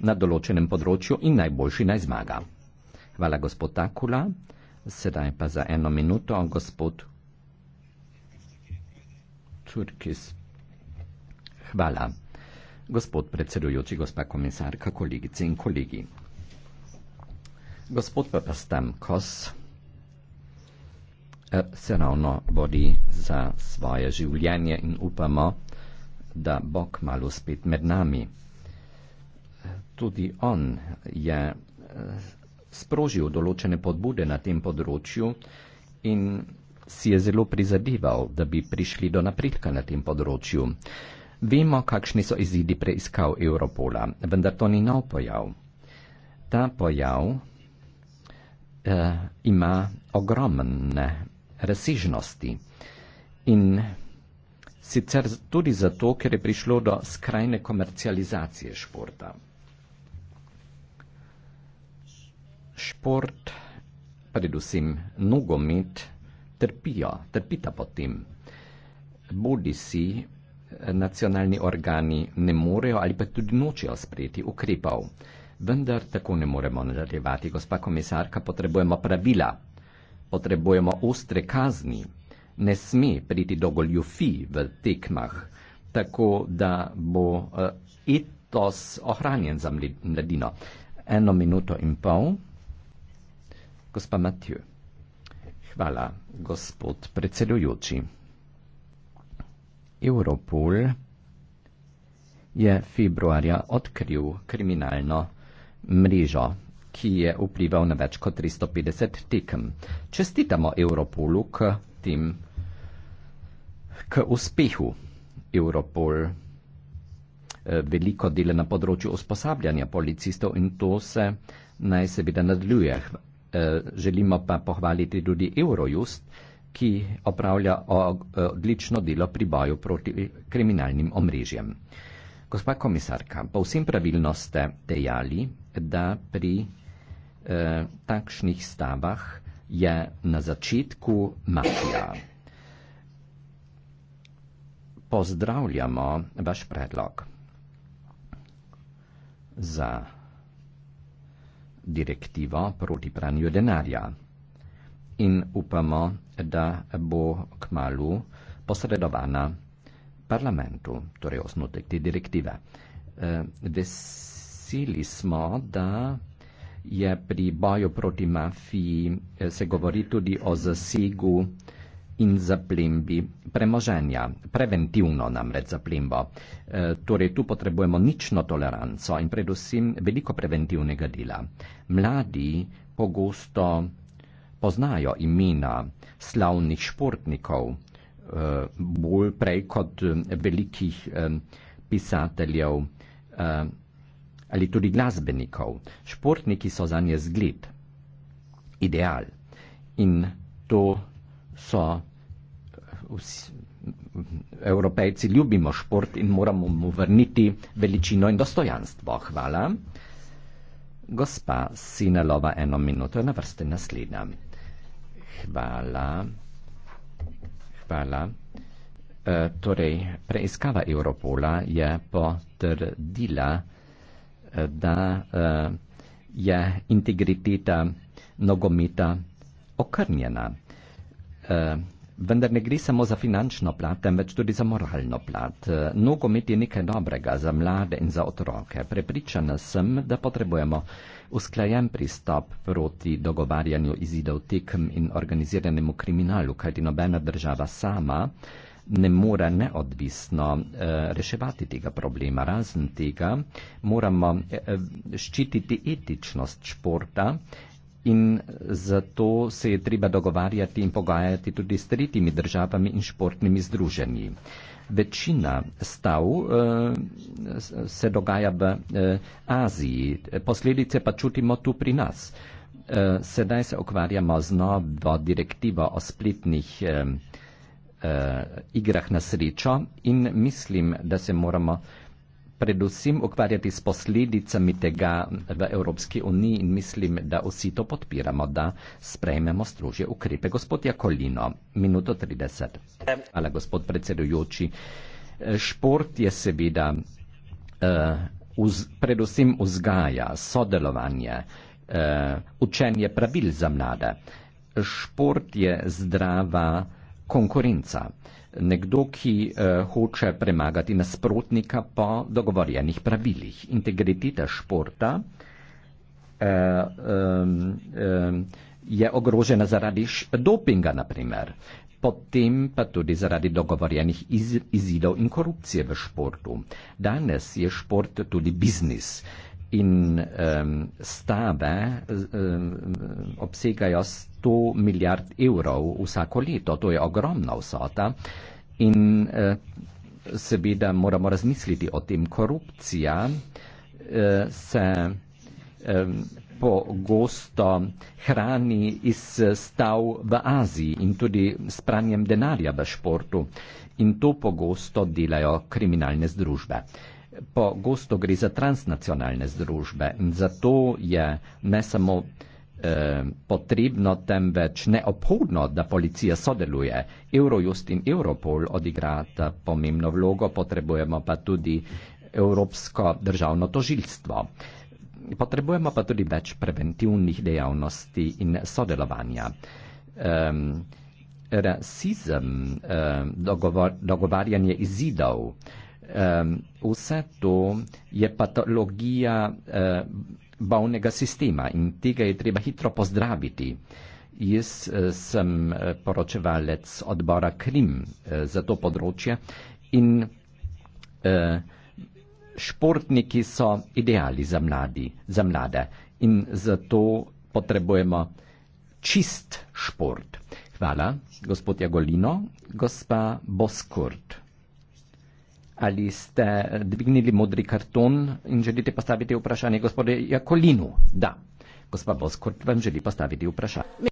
na določenem področju in najboljši naj zmaga. Hvala, gospod Takula. Sedaj pa za eno minuto, gospod Turkis. Hvala, gospod predsedujoči, gospa komisarka, kolegice in kolegi. Gospod Papastam Kos eh, se ravno bodi za svoje življenje in upamo, da bo kmalo spet med nami tudi on je eh, sprožil določene podbude na tem področju in si je zelo prizadeval, da bi prišli do napredka na tem področju. Vemo, kakšni so izidi preiskav Europola, vendar to ni nov pojav. Ta pojav eh, ima ogromne razsežnosti in sicer tudi zato, ker je prišlo do skrajne komercializacije športa. šport, predvsem nogomet, trpijo, trpita potem. Bodi si eh, nacionalni organi ne morejo ali pa tudi nočejo sprejeti ukrepov. Vendar tako ne moremo nadaljevati, gospa komisarka, potrebujemo pravila, potrebujemo ostre kazni, ne sme priti do goljufi v tekmah, tako da bo eh, etos ohranjen za mladino. Eno minuto in pol gospa Matju. Hvala, gospod predsedujoči. Europol je februarja odkril kriminalno mrežo, ki je vplival na več kot 350 tekem. Čestitamo Europolu k tem, k uspehu. Europol eh, veliko dela na področju usposabljanja policistov in to se naj seveda nadaljuje. Eh, želimo pa pohvaliti tudi Eurojust, ki opravlja eh, odlično delo pri boju proti kriminalnim omrežjem. Gospa komisarka, pa vsem pravilno ste dejali, da pri eh, takšnih stavah je na začetku mafija. Pozdravljamo vaš predlog za direktivo proti pranju denarja. In upamo, da bo k malu posredovana parlamentu, torej osnutek te direktive. E, veseli smo, da je pri boju proti mafiji e, se govori tudi o zasegu in zaplimbi premoženja, preventivno namreč zaplimbo. E, torej tu potrebujemo nično toleranco in predvsem veliko preventivnega dela. Mladi pogosto poznajo imena slavnih športnikov, e, bolj prej kot e, velikih e, pisateljev e, ali tudi glasbenikov. Športniki so za nje zgled, ideal. In to so vsi evropejci ljubimo šport in moramo mu vrniti veličino in dostojanstvo. Hvala. Gospa Sinelova, eno minuto je na vrste naslednja. Hvala. Hvala. E, torej, preiskava Europola je potrdila, e, da e, je integriteta nogometa okrnjena. Eh, vendar ne gre samo za finančno plat, temveč tudi za moralno plat. Eh, nogomet je nekaj dobrega za mlade in za otroke. Prepričana sem, da potrebujemo usklajen pristop proti dogovarjanju izidov tekem in organiziranemu kriminalu, kajti nobena država sama ne more neodvisno eh, reševati tega problema. Razen tega moramo eh, eh ščititi etičnost športa in zato se je treba dogovarjati in pogajati tudi s tretjimi državami in športnimi združenji. Večina stav eh, se dogaja v eh, Aziji, posledice pa čutimo tu pri nas. Eh, sedaj se okvarjamo z novo direktivo o spletnih eh, eh, igrah na srečo in mislim, da se moramo eh, predvsem ukvarjati s posledicami tega v Evropski uniji in mislim, da vsi to podpiramo, da sprejmemo strožje ukrepe. Gospod Jakolino, minuto 30. Hvala, gospod predsedujoči. Šport je seveda eh, uz, predvsem vzgaja, sodelovanje, eh, učenje pravil za mlade. Šport je zdrava konkurenca nekdo, ki uh, hoče premagati nasprotnika po dogovorjenih pravilih. Integriteta športa uh, um, um, je ogrožena zaradi dopinga, naprimer. Potem pa tudi zaradi dogovorjenih iz, izidov in korupcije v športu. Danes je šport tudi biznis in um, stave um, obsegajo 100 milijard evrov vsako leto. To je ogromna vsota. In uh, seveda moramo razmisliti o tem. Korupcija uh, se um, pogosto hrani iz stav v Aziji in tudi s pranjem denarja v športu. In to pogosto delajo kriminalne združbe pogosto gre za transnacionalne združbe. Zato je ne samo eh, potrebno, temveč neobhodno, da policija sodeluje. Eurojust in Europol odigrata pomembno vlogo, potrebujemo pa tudi Evropsko državno tožilstvo. Potrebujemo pa tudi več preventivnih dejavnosti in sodelovanja. Um, rasizem, um, dogovor, dogovarjanje izidov, iz Ehm, vse to je patologija um, bavnega sistema in tega je treba hitro pozdraviti. Jaz eh, sem eh, poročevalec odbora Krim za to področje in športniki so ideali za, mladi, za mlade in zato potrebujemo čist šport. Hvala, gospod Jagolino, gospa Boskurt ali ste dvignili modri karton in želite postaviti vprašanje gospodu Jakolinu? Da. Gospa Boskort vam želi postaviti vprašanje.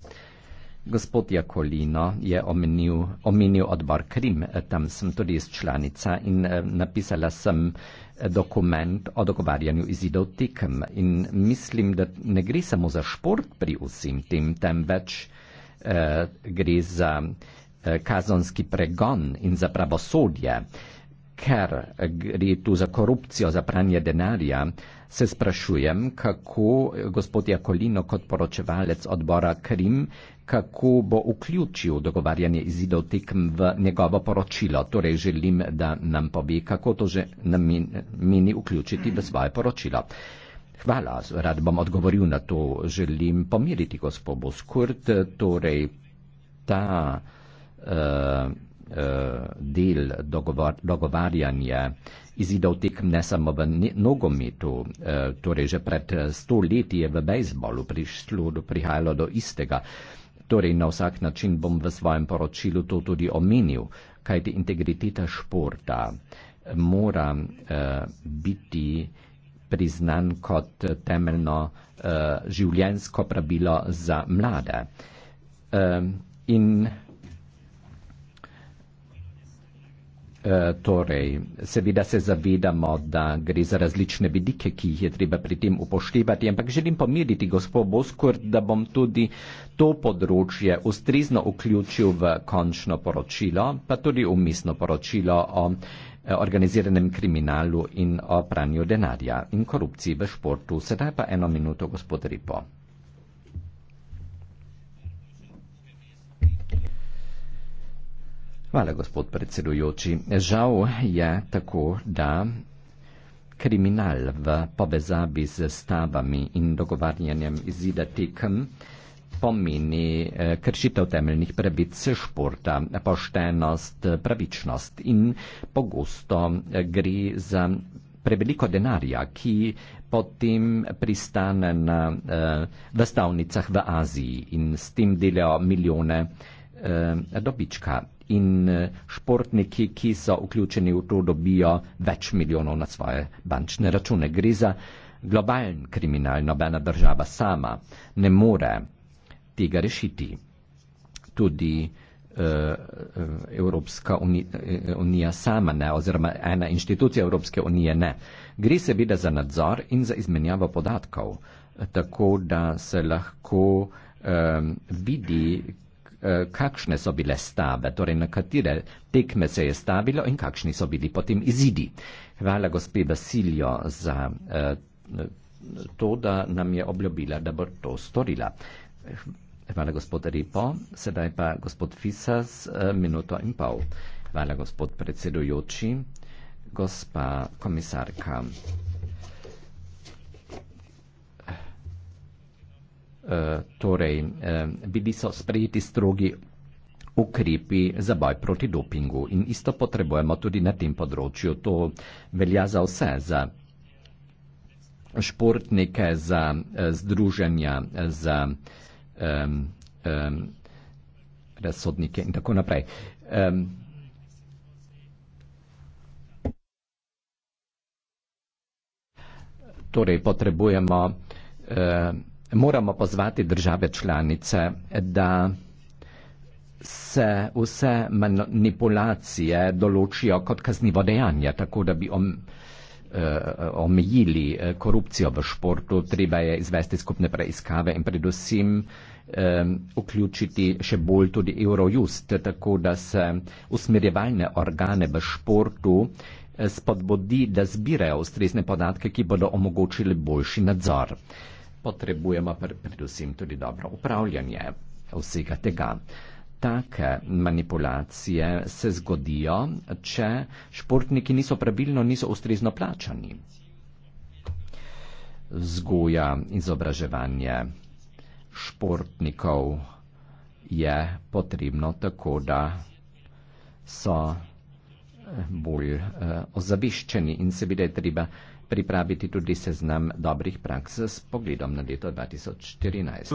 Gospod Jakolino je omenil, omenil odbor Krim, tam sem tudi jaz članica in eh, napisala sem eh, dokument o dogovarjanju izidov tekem. In mislim, da ne gre samo za šport pri vsem tem, temveč eh, gre za eh, kazonski pregon in za pravosodje. Eh, ker gre tu za korupcijo, za pranje denarja, se sprašujem, kako gospod Jakolino kot poročevalec odbora Krim, kako bo vključil dogovarjanje izidov tekm v njegovo poročilo. Torej želim, da nam pove, kako to že nameni vključiti v svoje poročilo. Hvala, rad bom odgovoril na to. Želim pomiriti gospod Boskurt, torej ta. Uh, Eh, del dogovor, dogovarjanja izidov tekm ne samo v nogometu, eh, torej že pred eh, sto leti je v bejzbolu prišlo, prihajalo do istega. Torej na vsak način bom v svojem poročilu to tudi omenil, kajti integriteta športa mora eh, biti priznan kot temeljno eh, življensko pravilo za mlade. Eh, Eh, torej, seveda se zavedamo, da gre za različne vidike, ki jih je treba pri tem upoštevati, ampak želim pomiriti gospod Boskur, da bom tudi to področje ustrezno vključil v končno poročilo, pa tudi umestno poročilo o eh, organiziranem kriminalu in o pranju denarja in korupciji v športu. Sedaj pa eno minuto, gospod Ripo. Hvala, gospod predsedujoči. Žal je tako, da kriminal v povezavi z stavami in dogovarjanjem izida tekem pomeni eh, kršitev temeljnih pravic športa, poštenost, pravičnost in pogosto eh, gre za preveliko denarja, ki potem pristane na eh, vstavnicah v Aziji in s tem delajo milijone eh, dobička in eh, športniki, ki so vključeni v to, dobijo več milijonov na svoje bančne račune. Gre za globalen kriminal, nobena država sama ne more tega rešiti. Tudi eh, eh, Evropska unija sama ne, oziroma ena inštitucija Evropske unije ne. Gre seveda za nadzor in za izmenjavo podatkov, tako da se lahko um, vidi, Eh, kakšne so bile stave, torej na katere tekme se je stavilo in kakšni so bili potem izidi. Hvala gospe Vasiljo za eh, to, da nam je obljubila, da bo to storila. Hvala gospod Repo, sedaj pa gospod Fisas, eh, minuto in pol. Hvala gospod predsedujoči, gospa komisarka. Eh, torej, eh, bili so sprejeti strogi ukrepi za boj proti dopingu in isto potrebujemo tudi na tem področju. To velja za vse, za športnike, za eh, združenja, za um, um, razsodnike in tako naprej. Um, torej, potrebujemo um, Moramo pozvati države članice, da se vse manipulacije določijo kot kaznivo dejanje, tako da bi om, eh, omejili eh, korupcijo v športu. Treba je izvesti skupne preiskave in predvsem eh, vključiti še bolj tudi Eurojust, tako da se usmerjevalne organe v športu eh, spodbodi, da zbirajo ustrezne podatke, ki bodo omogočili boljši nadzor. Eh, potrebujemo predvsem tudi dobro upravljanje vsega tega. Take manipulacije se zgodijo, če športniki niso pravilno, niso ustrezno plačani. Vzgoja, izobraževanje športnikov je potrebno tako, da so eh, bolj uh, eh, ozaviščeni in seveda je treba uh, pripraviti tudi seznam dobrih praks s pogledom na leto 2014.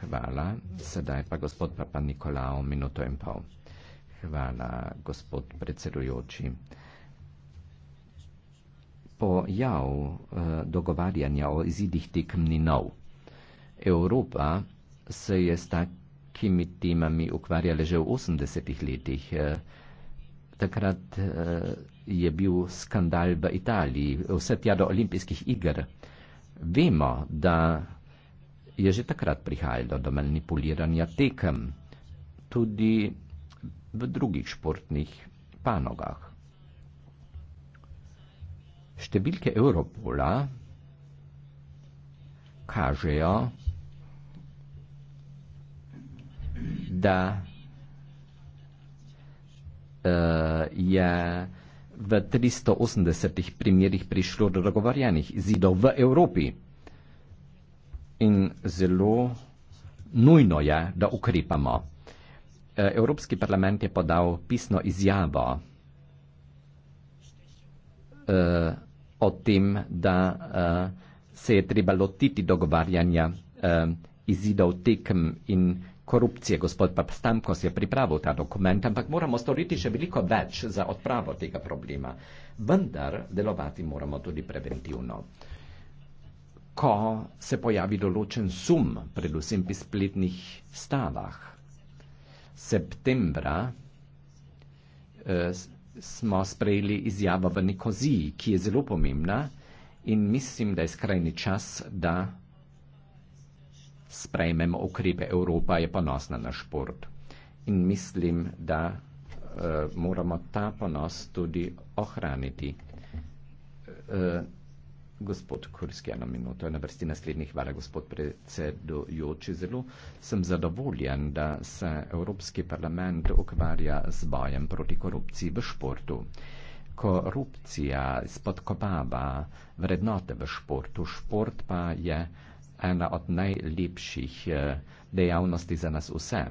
Hvala, sedaj pa gospod Papa Nikolao, minuto in pol. Hvala, gospod predsedujoči. Pojav eh, dogovarjanja o izidih tekm ni nov. Evropa se je s takimi temami ukvarjala že v 80-ih letih. Eh, takrat eh, je bil skandal v Italiji, vse tja do olimpijskih iger. Vemo, da je že takrat prihajalo do manipuliranja tekem, tudi v drugih športnih panogah. Številke Europola kažejo, da uh, je v 380 primerjih prišlo do dogovarjanih zidov v Evropi. In zelo nujno je, da ukrepamo. E, Evropski parlament je podal pisno izjavo eh, o tem, da eh, se je treba lotiti dogovarjanja eh, izidov tekem in korupcije. Gospod Papstamkos je pripravil ta dokument, ampak moramo storiti še veliko več za odpravo tega problema. Vendar delovati moramo tudi preventivno. Ko se pojavi določen sum, predvsem pri spletnih stavah, septembra eh, smo sprejeli izjavo v Nikoziji, ki je zelo pomembna in mislim, da je skrajni čas, da sprejmemo ukrepe. Evropa je ponosna na šport. In mislim, da uh, moramo ta ponos tudi ohraniti. Uh, gospod Kurski, eno minuto je na vrsti naslednjih. Hvala, gospod predsedujoči. Zelo sem zadovoljen, da se Evropski parlament ukvarja z bojem proti korupciji v športu. Korupcija spodkopava vrednote v športu, šport pa je uh, ena od najlepših eh, dejavnosti za nas vse,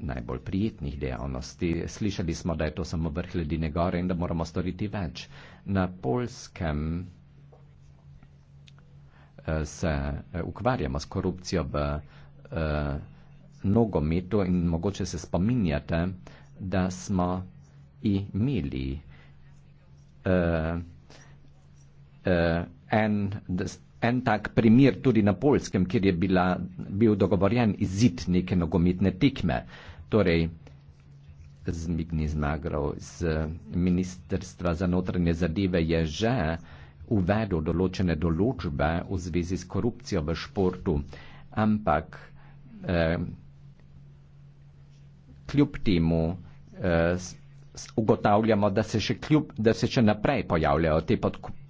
najbolj prijetnih dejavnosti. Slišali smo, da je to samo vrh ledine gore in da moramo storiti več. Na polskem eh, se eh, ukvarjamo s korupcijo v nogometu in mogoče se spominjate, da smo imeli en, da smo En tak primer tudi na Polskem, kjer je bila, bil dogovorjen izid neke nogometne tekme. Torej, Zmigni Zmagrov z Ministrstva za notranje zadeve je že uvedel določene določbe v zvezi s korupcijo v športu, ampak eh, kljub temu eh, ugotavljamo, da se še, kljub, da se še naprej pojavljajo te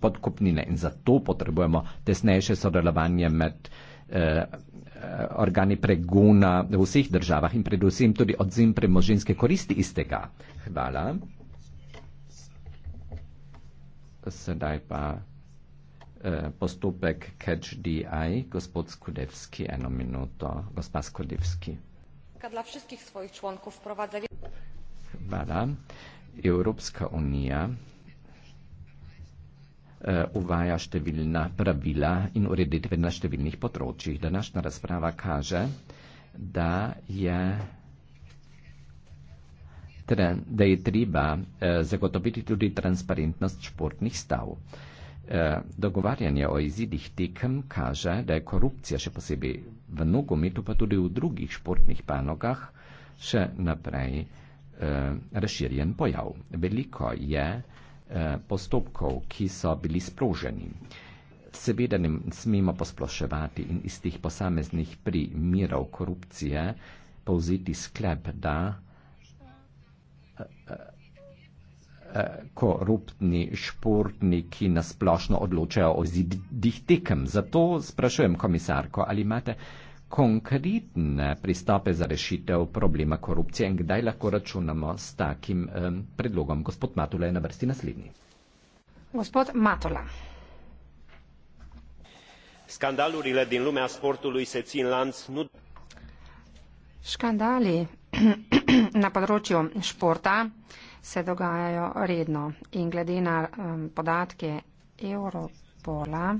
podkupnine in zato potrebujemo tesnejše sodelovanje med eh, eh, organi pregona v vseh državah in predvsem tudi odzim premoženske koristi iz tega. Hvala. Sedaj pa eh, postopek Catch DI, gospod Skudevski, eno minuto, gospod Skudevski. Hvala. Evropska unija eh, uvaja številna pravila in ureditve na številnih področjih. Današnja razprava kaže, da je, da je treba eh, zagotoviti tudi transparentnost športnih stav. Eh, dogovarjanje o izidih tekem kaže, da je korupcija še posebej v nogometu, pa tudi v drugih športnih panogah še naprej Eh, razširjen pojav. Veliko je eh, postopkov, ki so bili sproženi. Seveda ne smemo posploševati in iz tih posameznih primerov korupcije povziti sklep, da eh, koruptni športniki nasplošno odločajo o zidih tekem. Zato sprašujem komisarko, ali imate uh, konkretne pristope za rešitev problema korupcije in kdaj lahko računamo s takim um, predlogom. Gospod Matula je na vrsti naslednji. Gospod Matula. Skandalurile din lumea sportului se țin lanț nu... Škandali na področju športa se dogajajo redno in glede na um, podatke Europola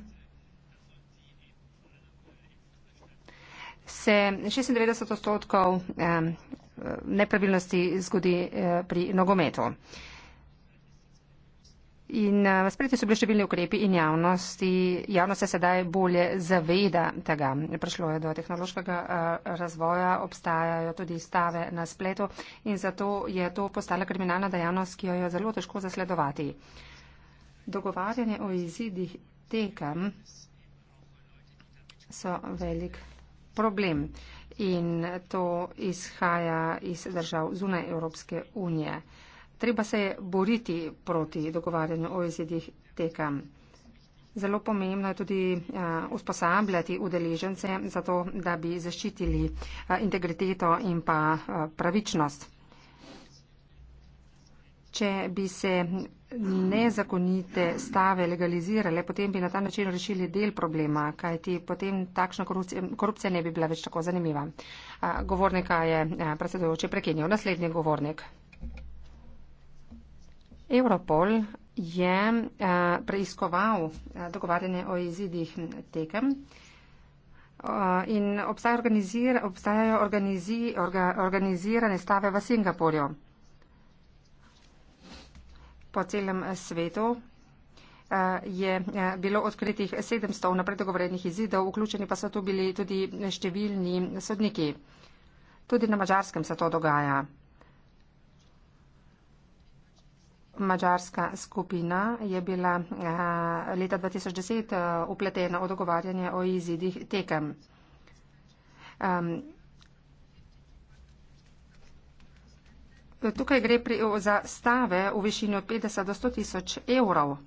se 96 odstotkov nepravilnosti zgodi eh, pri nogometu. In eh, v spretju so bili številni ukrepi in javnosti, javnost se sedaj bolje zaveda tega. Prišlo je do tehnološkega eh, razvoja, obstajajo tudi stave na spletu in zato je to postala kriminalna dejavnost, ki jo je zelo težko zasledovati. Dogovarjanje o izidih tekem so velik problem in to izhaja iz držav zunaj Evropske unije. Treba se je boriti proti dogovarjanju o jezidih tekem. Zelo pomembno je tudi eh, usposabljati udeležence za to, da bi zaščitili eh, integriteto in pa eh, pravičnost. Če bi se nezakonite stave legalizirale, potem bi na ta način rešili del problema, kajti potem takšna korupcija, korupcija ne bi bila več tako zanimiva. Govornika je predsedujoče prekinil. Naslednji govornik. Europol je preiskoval dogovarjanje o izidih tekem. In obstajajo organizirane stave v Singapurju po celem eh, svetu eh, je eh, bilo odkritih 700 vnaprej dogovorjenih izidov, vključeni pa so tu bili tudi številni sodniki. Tudi na mačarskem se to dogaja. Mačarska skupina je bila leta 2010 upletena v dogovarjanje o izidih tekem. Tukaj gre pri, za stave v višini od 50 do 100 tisoč evrov.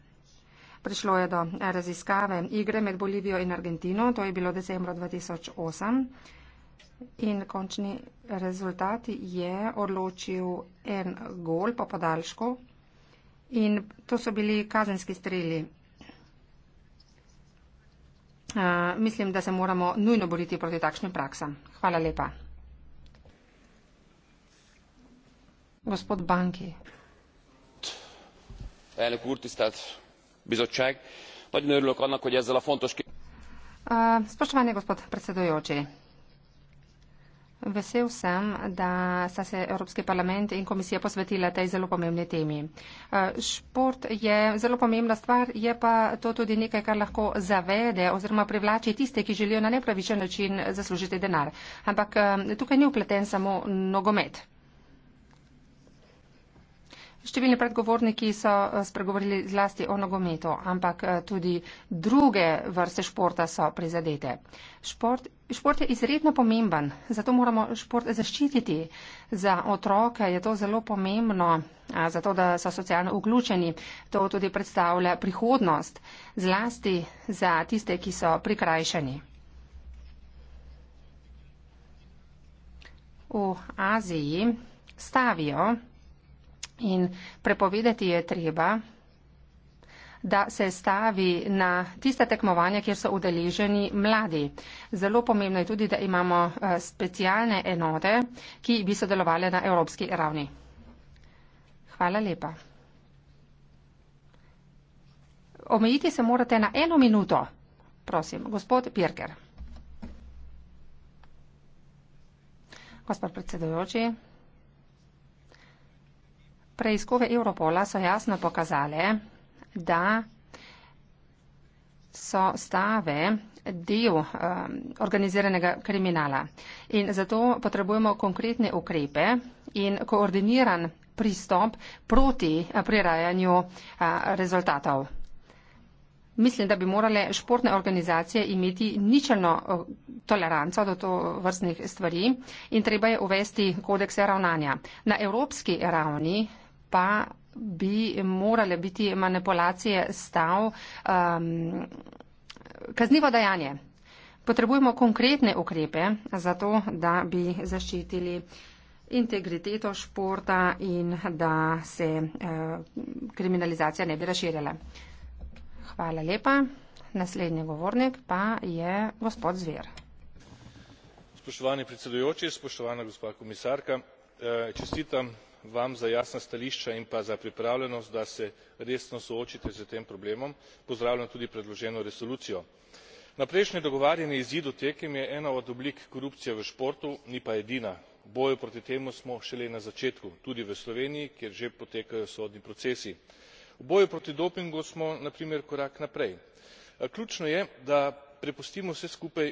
Prišlo je do raziskave igre med Bolivijo in Argentino, to je bilo decembra 2008. In končni rezultat je odločil en gol po podaljšku. In to so bili kazenski streli. Uh, mislim, da se moramo nujno boriti proti takšnim praksam. Hvala lepa. gospod Banki. Elnök úr, tisztelt bizottság! Nagyon örülök annak, hogy ezzel a fontos kérdéssel. Uh, spoštovani gospod predsedujoči, vesel sem, da sta se Evropski parlament in komisija posvetila tej zelo pomembni temi. Uh, šport je zelo pomembna stvar, je pa to tudi nekaj, kar lahko zavede oziroma privlači tiste, ki želijo na nepravičen način zaslužiti denar. Ampak uh, tukaj ni upleten samo nogomet. Številni predgovorniki so eh, spregovorili zlasti o nogometu, ampak eh, tudi druge vrste športa so prizadete. Šport, šport je izredno pomemben, zato moramo šport zaščititi. Za otroke je to zelo pomembno, zato da so socialno vključeni. To tudi predstavlja prihodnost, zlasti za tiste, ki so prikrajšani. V Aziji stavijo In prepovedati je treba, da se stavi na tiste tekmovanja, kjer so udeleženi mladi. Zelo pomembno je tudi, da imamo eh, specialne enote, ki bi sodelovali na evropski ravni. Hvala lepa. Omejiti se morate na eno minuto. Prosim, gospod Pirker. Gospod predsedujoči. Preiskove Europola so jasno pokazale, da so stave del um, organiziranega kriminala. In zato potrebujemo konkretne ukrepe in koordiniran pristop proti uh, prirajanju a, uh, rezultatov. Mislim, da bi morale športne organizacije imeti ničelno uh, toleranco do to vrstnih stvari in treba je uvesti kodekse ravnanja. Na evropski ravni pa bi morale biti manipulacije stav um, kaznivo dajanje. Potrebujemo konkretne ukrepe za to, da bi zaščitili integriteto športa in da se eh, kriminalizacija ne bi razširjala. Hvala lepa. Naslednji govornik pa je gospod Zver. Spoštovani predsedujoči, spoštovana gospa komisarka, eh, čestitam vam za jasna stališča in pa za pripravljenost da se resno soočite s tem problemom pozdravljam tudi predloženo resolucijo. vnaprejšnje dogovarjanje izidov tekem je ena od oblik korupcije v športu ni pa edina. v boju proti temu smo šele na začetku tudi v sloveniji kjer že potekajo sodni procesi. v boju proti dopingu smo na primer korak naprej. ključno je da prepustimo vse skupaj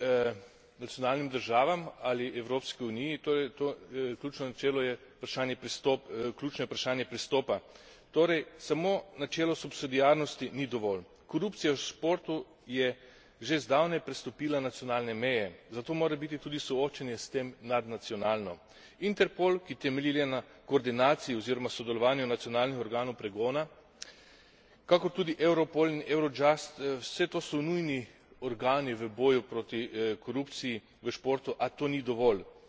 e, nacionalnim državam ali evropski uniji torej to e, ključno načelo je Eh, ključno je vprašanje pristopa torej samo načelo subsidiarnosti ni dovolj. korupcija v športu je že zdavnaj prestopila nacionalne meje zato mora biti tudi soočenje s tem nadnacionalno. interpol ki temelji le na koordinaciji oziroma sodelovanju nacionalnih organov pregona kakor tudi europol in eurojust eh, vse to so nujni organi v boju proti eh, korupciji v športu a to ni dovolj.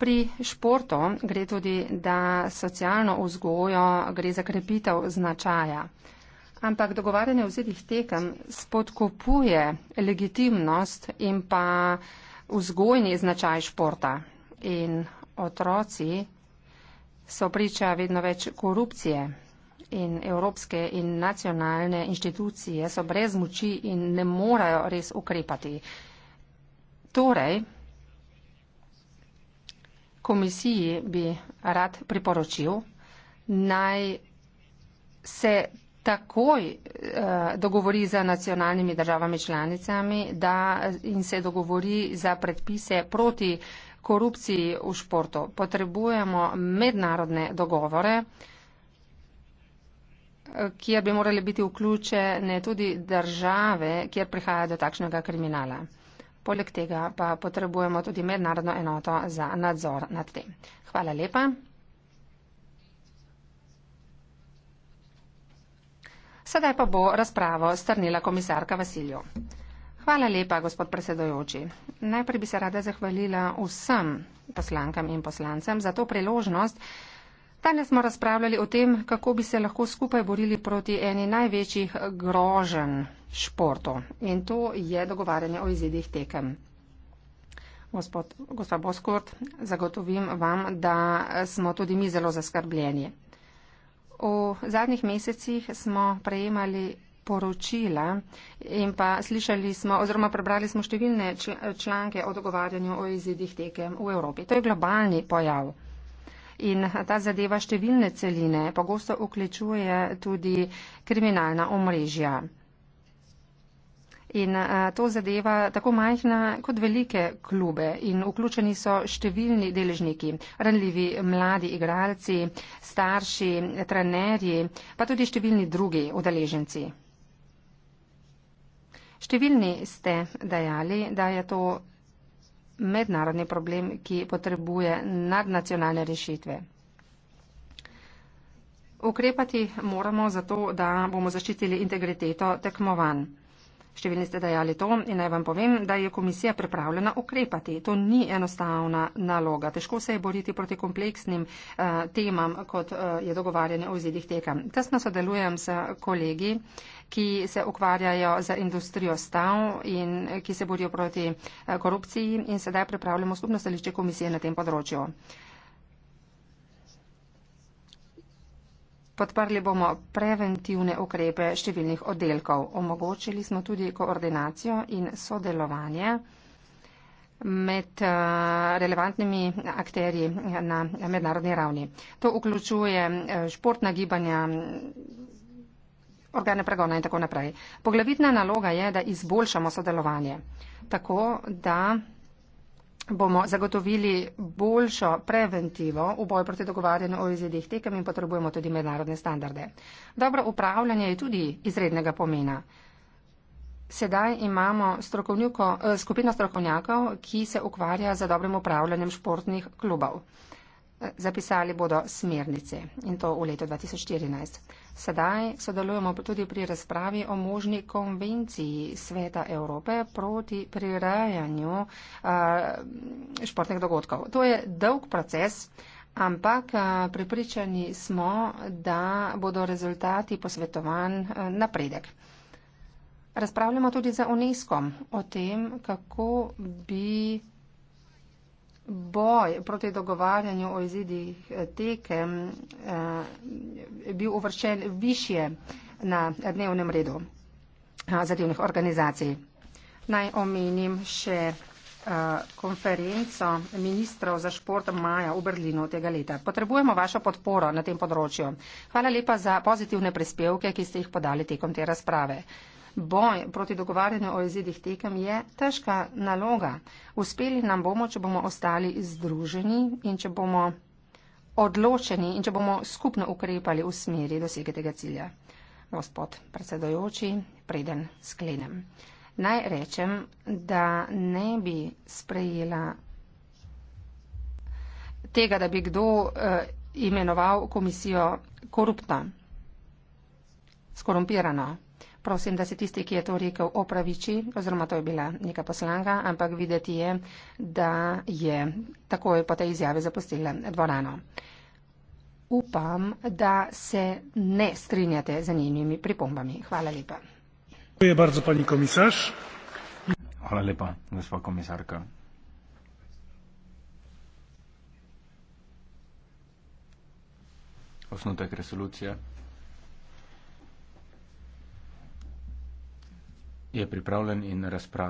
Pri športu gre tudi, da socialno vzgojo gre za krepitev značaja. Ampak dogovarjanje v zidih tekem spodkopuje legitimnost in pa vzgojni značaj športa. In otroci so priča vedno več korupcije in evropske in nacionalne inštitucije so brez moči in ne morajo res ukrepati. Torej, komisiji bi rad priporočil, naj se takoj eh, dogovori za nacionalnimi državami članicami da, in se dogovori za predpise proti korupciji v športu. Potrebujemo mednarodne dogovore, kjer bi morali biti vključene tudi države, kjer prihaja do takšnega kriminala. Poleg tega pa potrebujemo tudi mednarodno enoto za nadzor nad tem. Hvala lepa. Sedaj pa bo razpravo strnila komisarka Vasiljo. Hvala lepa, gospod predsedojoči. Najprej bi se rada zahvalila vsem poslankam in poslancem za to priložnost, Danes smo razpravljali o tem, kako bi se lahko skupaj borili proti eni največjih grožen športu. In to je dogovarjanje o izidih tekem. Gospod, gospa Boskort, zagotovim vam, da smo tudi mi zelo zaskrbljeni. V zadnjih mesecih smo prejemali poročila in pa slišali smo oziroma prebrali smo številne članke o dogovarjanju o izidih tekem v Evropi. To je globalni pojav in ta zadeva številne celine pogosto vključuje tudi kriminalna omrežja. In to zadeva tako majhna kot velike klube in vključeni so številni deležniki, ranljivi mladi igralci, starši, trenerji, pa tudi številni drugi udeleženci. Številni ste dejali, da je to mednarodni problem, ki potrebuje nadnacionalne rešitve. Ukrepati moramo zato, da bomo zaščitili integriteto tekmovanj. Številni ste dejali to in naj vam povem, da je komisija pripravljena ukrepati. To ni enostavna naloga. Težko se je boriti proti kompleksnim uh, temam, kot uh, je dogovarjanje o zidih teka. Tesno sodelujem s kolegi, ki se ukvarjajo z industrijo stav in eh, ki se borijo proti uh, korupciji in sedaj pripravljamo skupno stališče komisije na tem področju. Uh, Podprli bomo preventivne ukrepe številnih oddelkov. Omogočili smo tudi koordinacijo in sodelovanje med eh, relevantnimi akterji na mednarodni ravni. To vključuje eh, športna gibanja, organe pregona in tako naprej. Poglavitna naloga je, da izboljšamo sodelovanje tako, da bomo zagotovili boljšo preventivo v boju proti dogovarjanju o izidih tekem in potrebujemo tudi mednarodne standarde. Dobro upravljanje je tudi izrednega pomena. Sedaj imamo eh, skupino strokovnjakov, ki se ukvarja z dobrim upravljanjem športnih klubov zapisali bodo smernice in to v letu 2014. Sedaj sodelujemo tudi pri razpravi o možni konvenciji Sveta Evrope proti prirajanju športnih dogodkov. To je dolg proces, ampak pripričani smo, da bodo rezultati posvetovan napredek. Razpravljamo tudi za UNESCO o tem, kako bi boj proti dogovarjanju o izidih eh, tekem eh, bil uvrščen više na dnevnem redu eh, zadevnih organizacij. Naj omenim še eh, konferenco ministrov za šport maja v Berlinu tega leta. Potrebujemo vašo podporo na tem področju. Hvala lepa za pozitivne prispevke, ki ste jih podali tekom te razprave boj proti dogovarjanju o jezidih tekem je težka naloga. Uspeli nam bomo, če bomo ostali združeni in če bomo odločeni in če bomo skupno ukrepali v smeri dosege tega cilja. Gospod predsedojoči, preden sklenem. Naj rečem, da ne bi sprejela tega, da bi kdo uh, imenoval komisijo koruptno, skorumpirano prosim, da se tisti, ki je to rekel, opraviči, oziroma to je bila neka poslanka, ampak videti je, da je takoj po tej izjavi zapustila dvorano. Upam, da se ne strinjate z njenimi pripombami. Hvala lepa. Hvala lepa, gospod komisar. Hvala lepa, gospod komisarka. Osnutek resolucije. je pripravljen in razpravljen.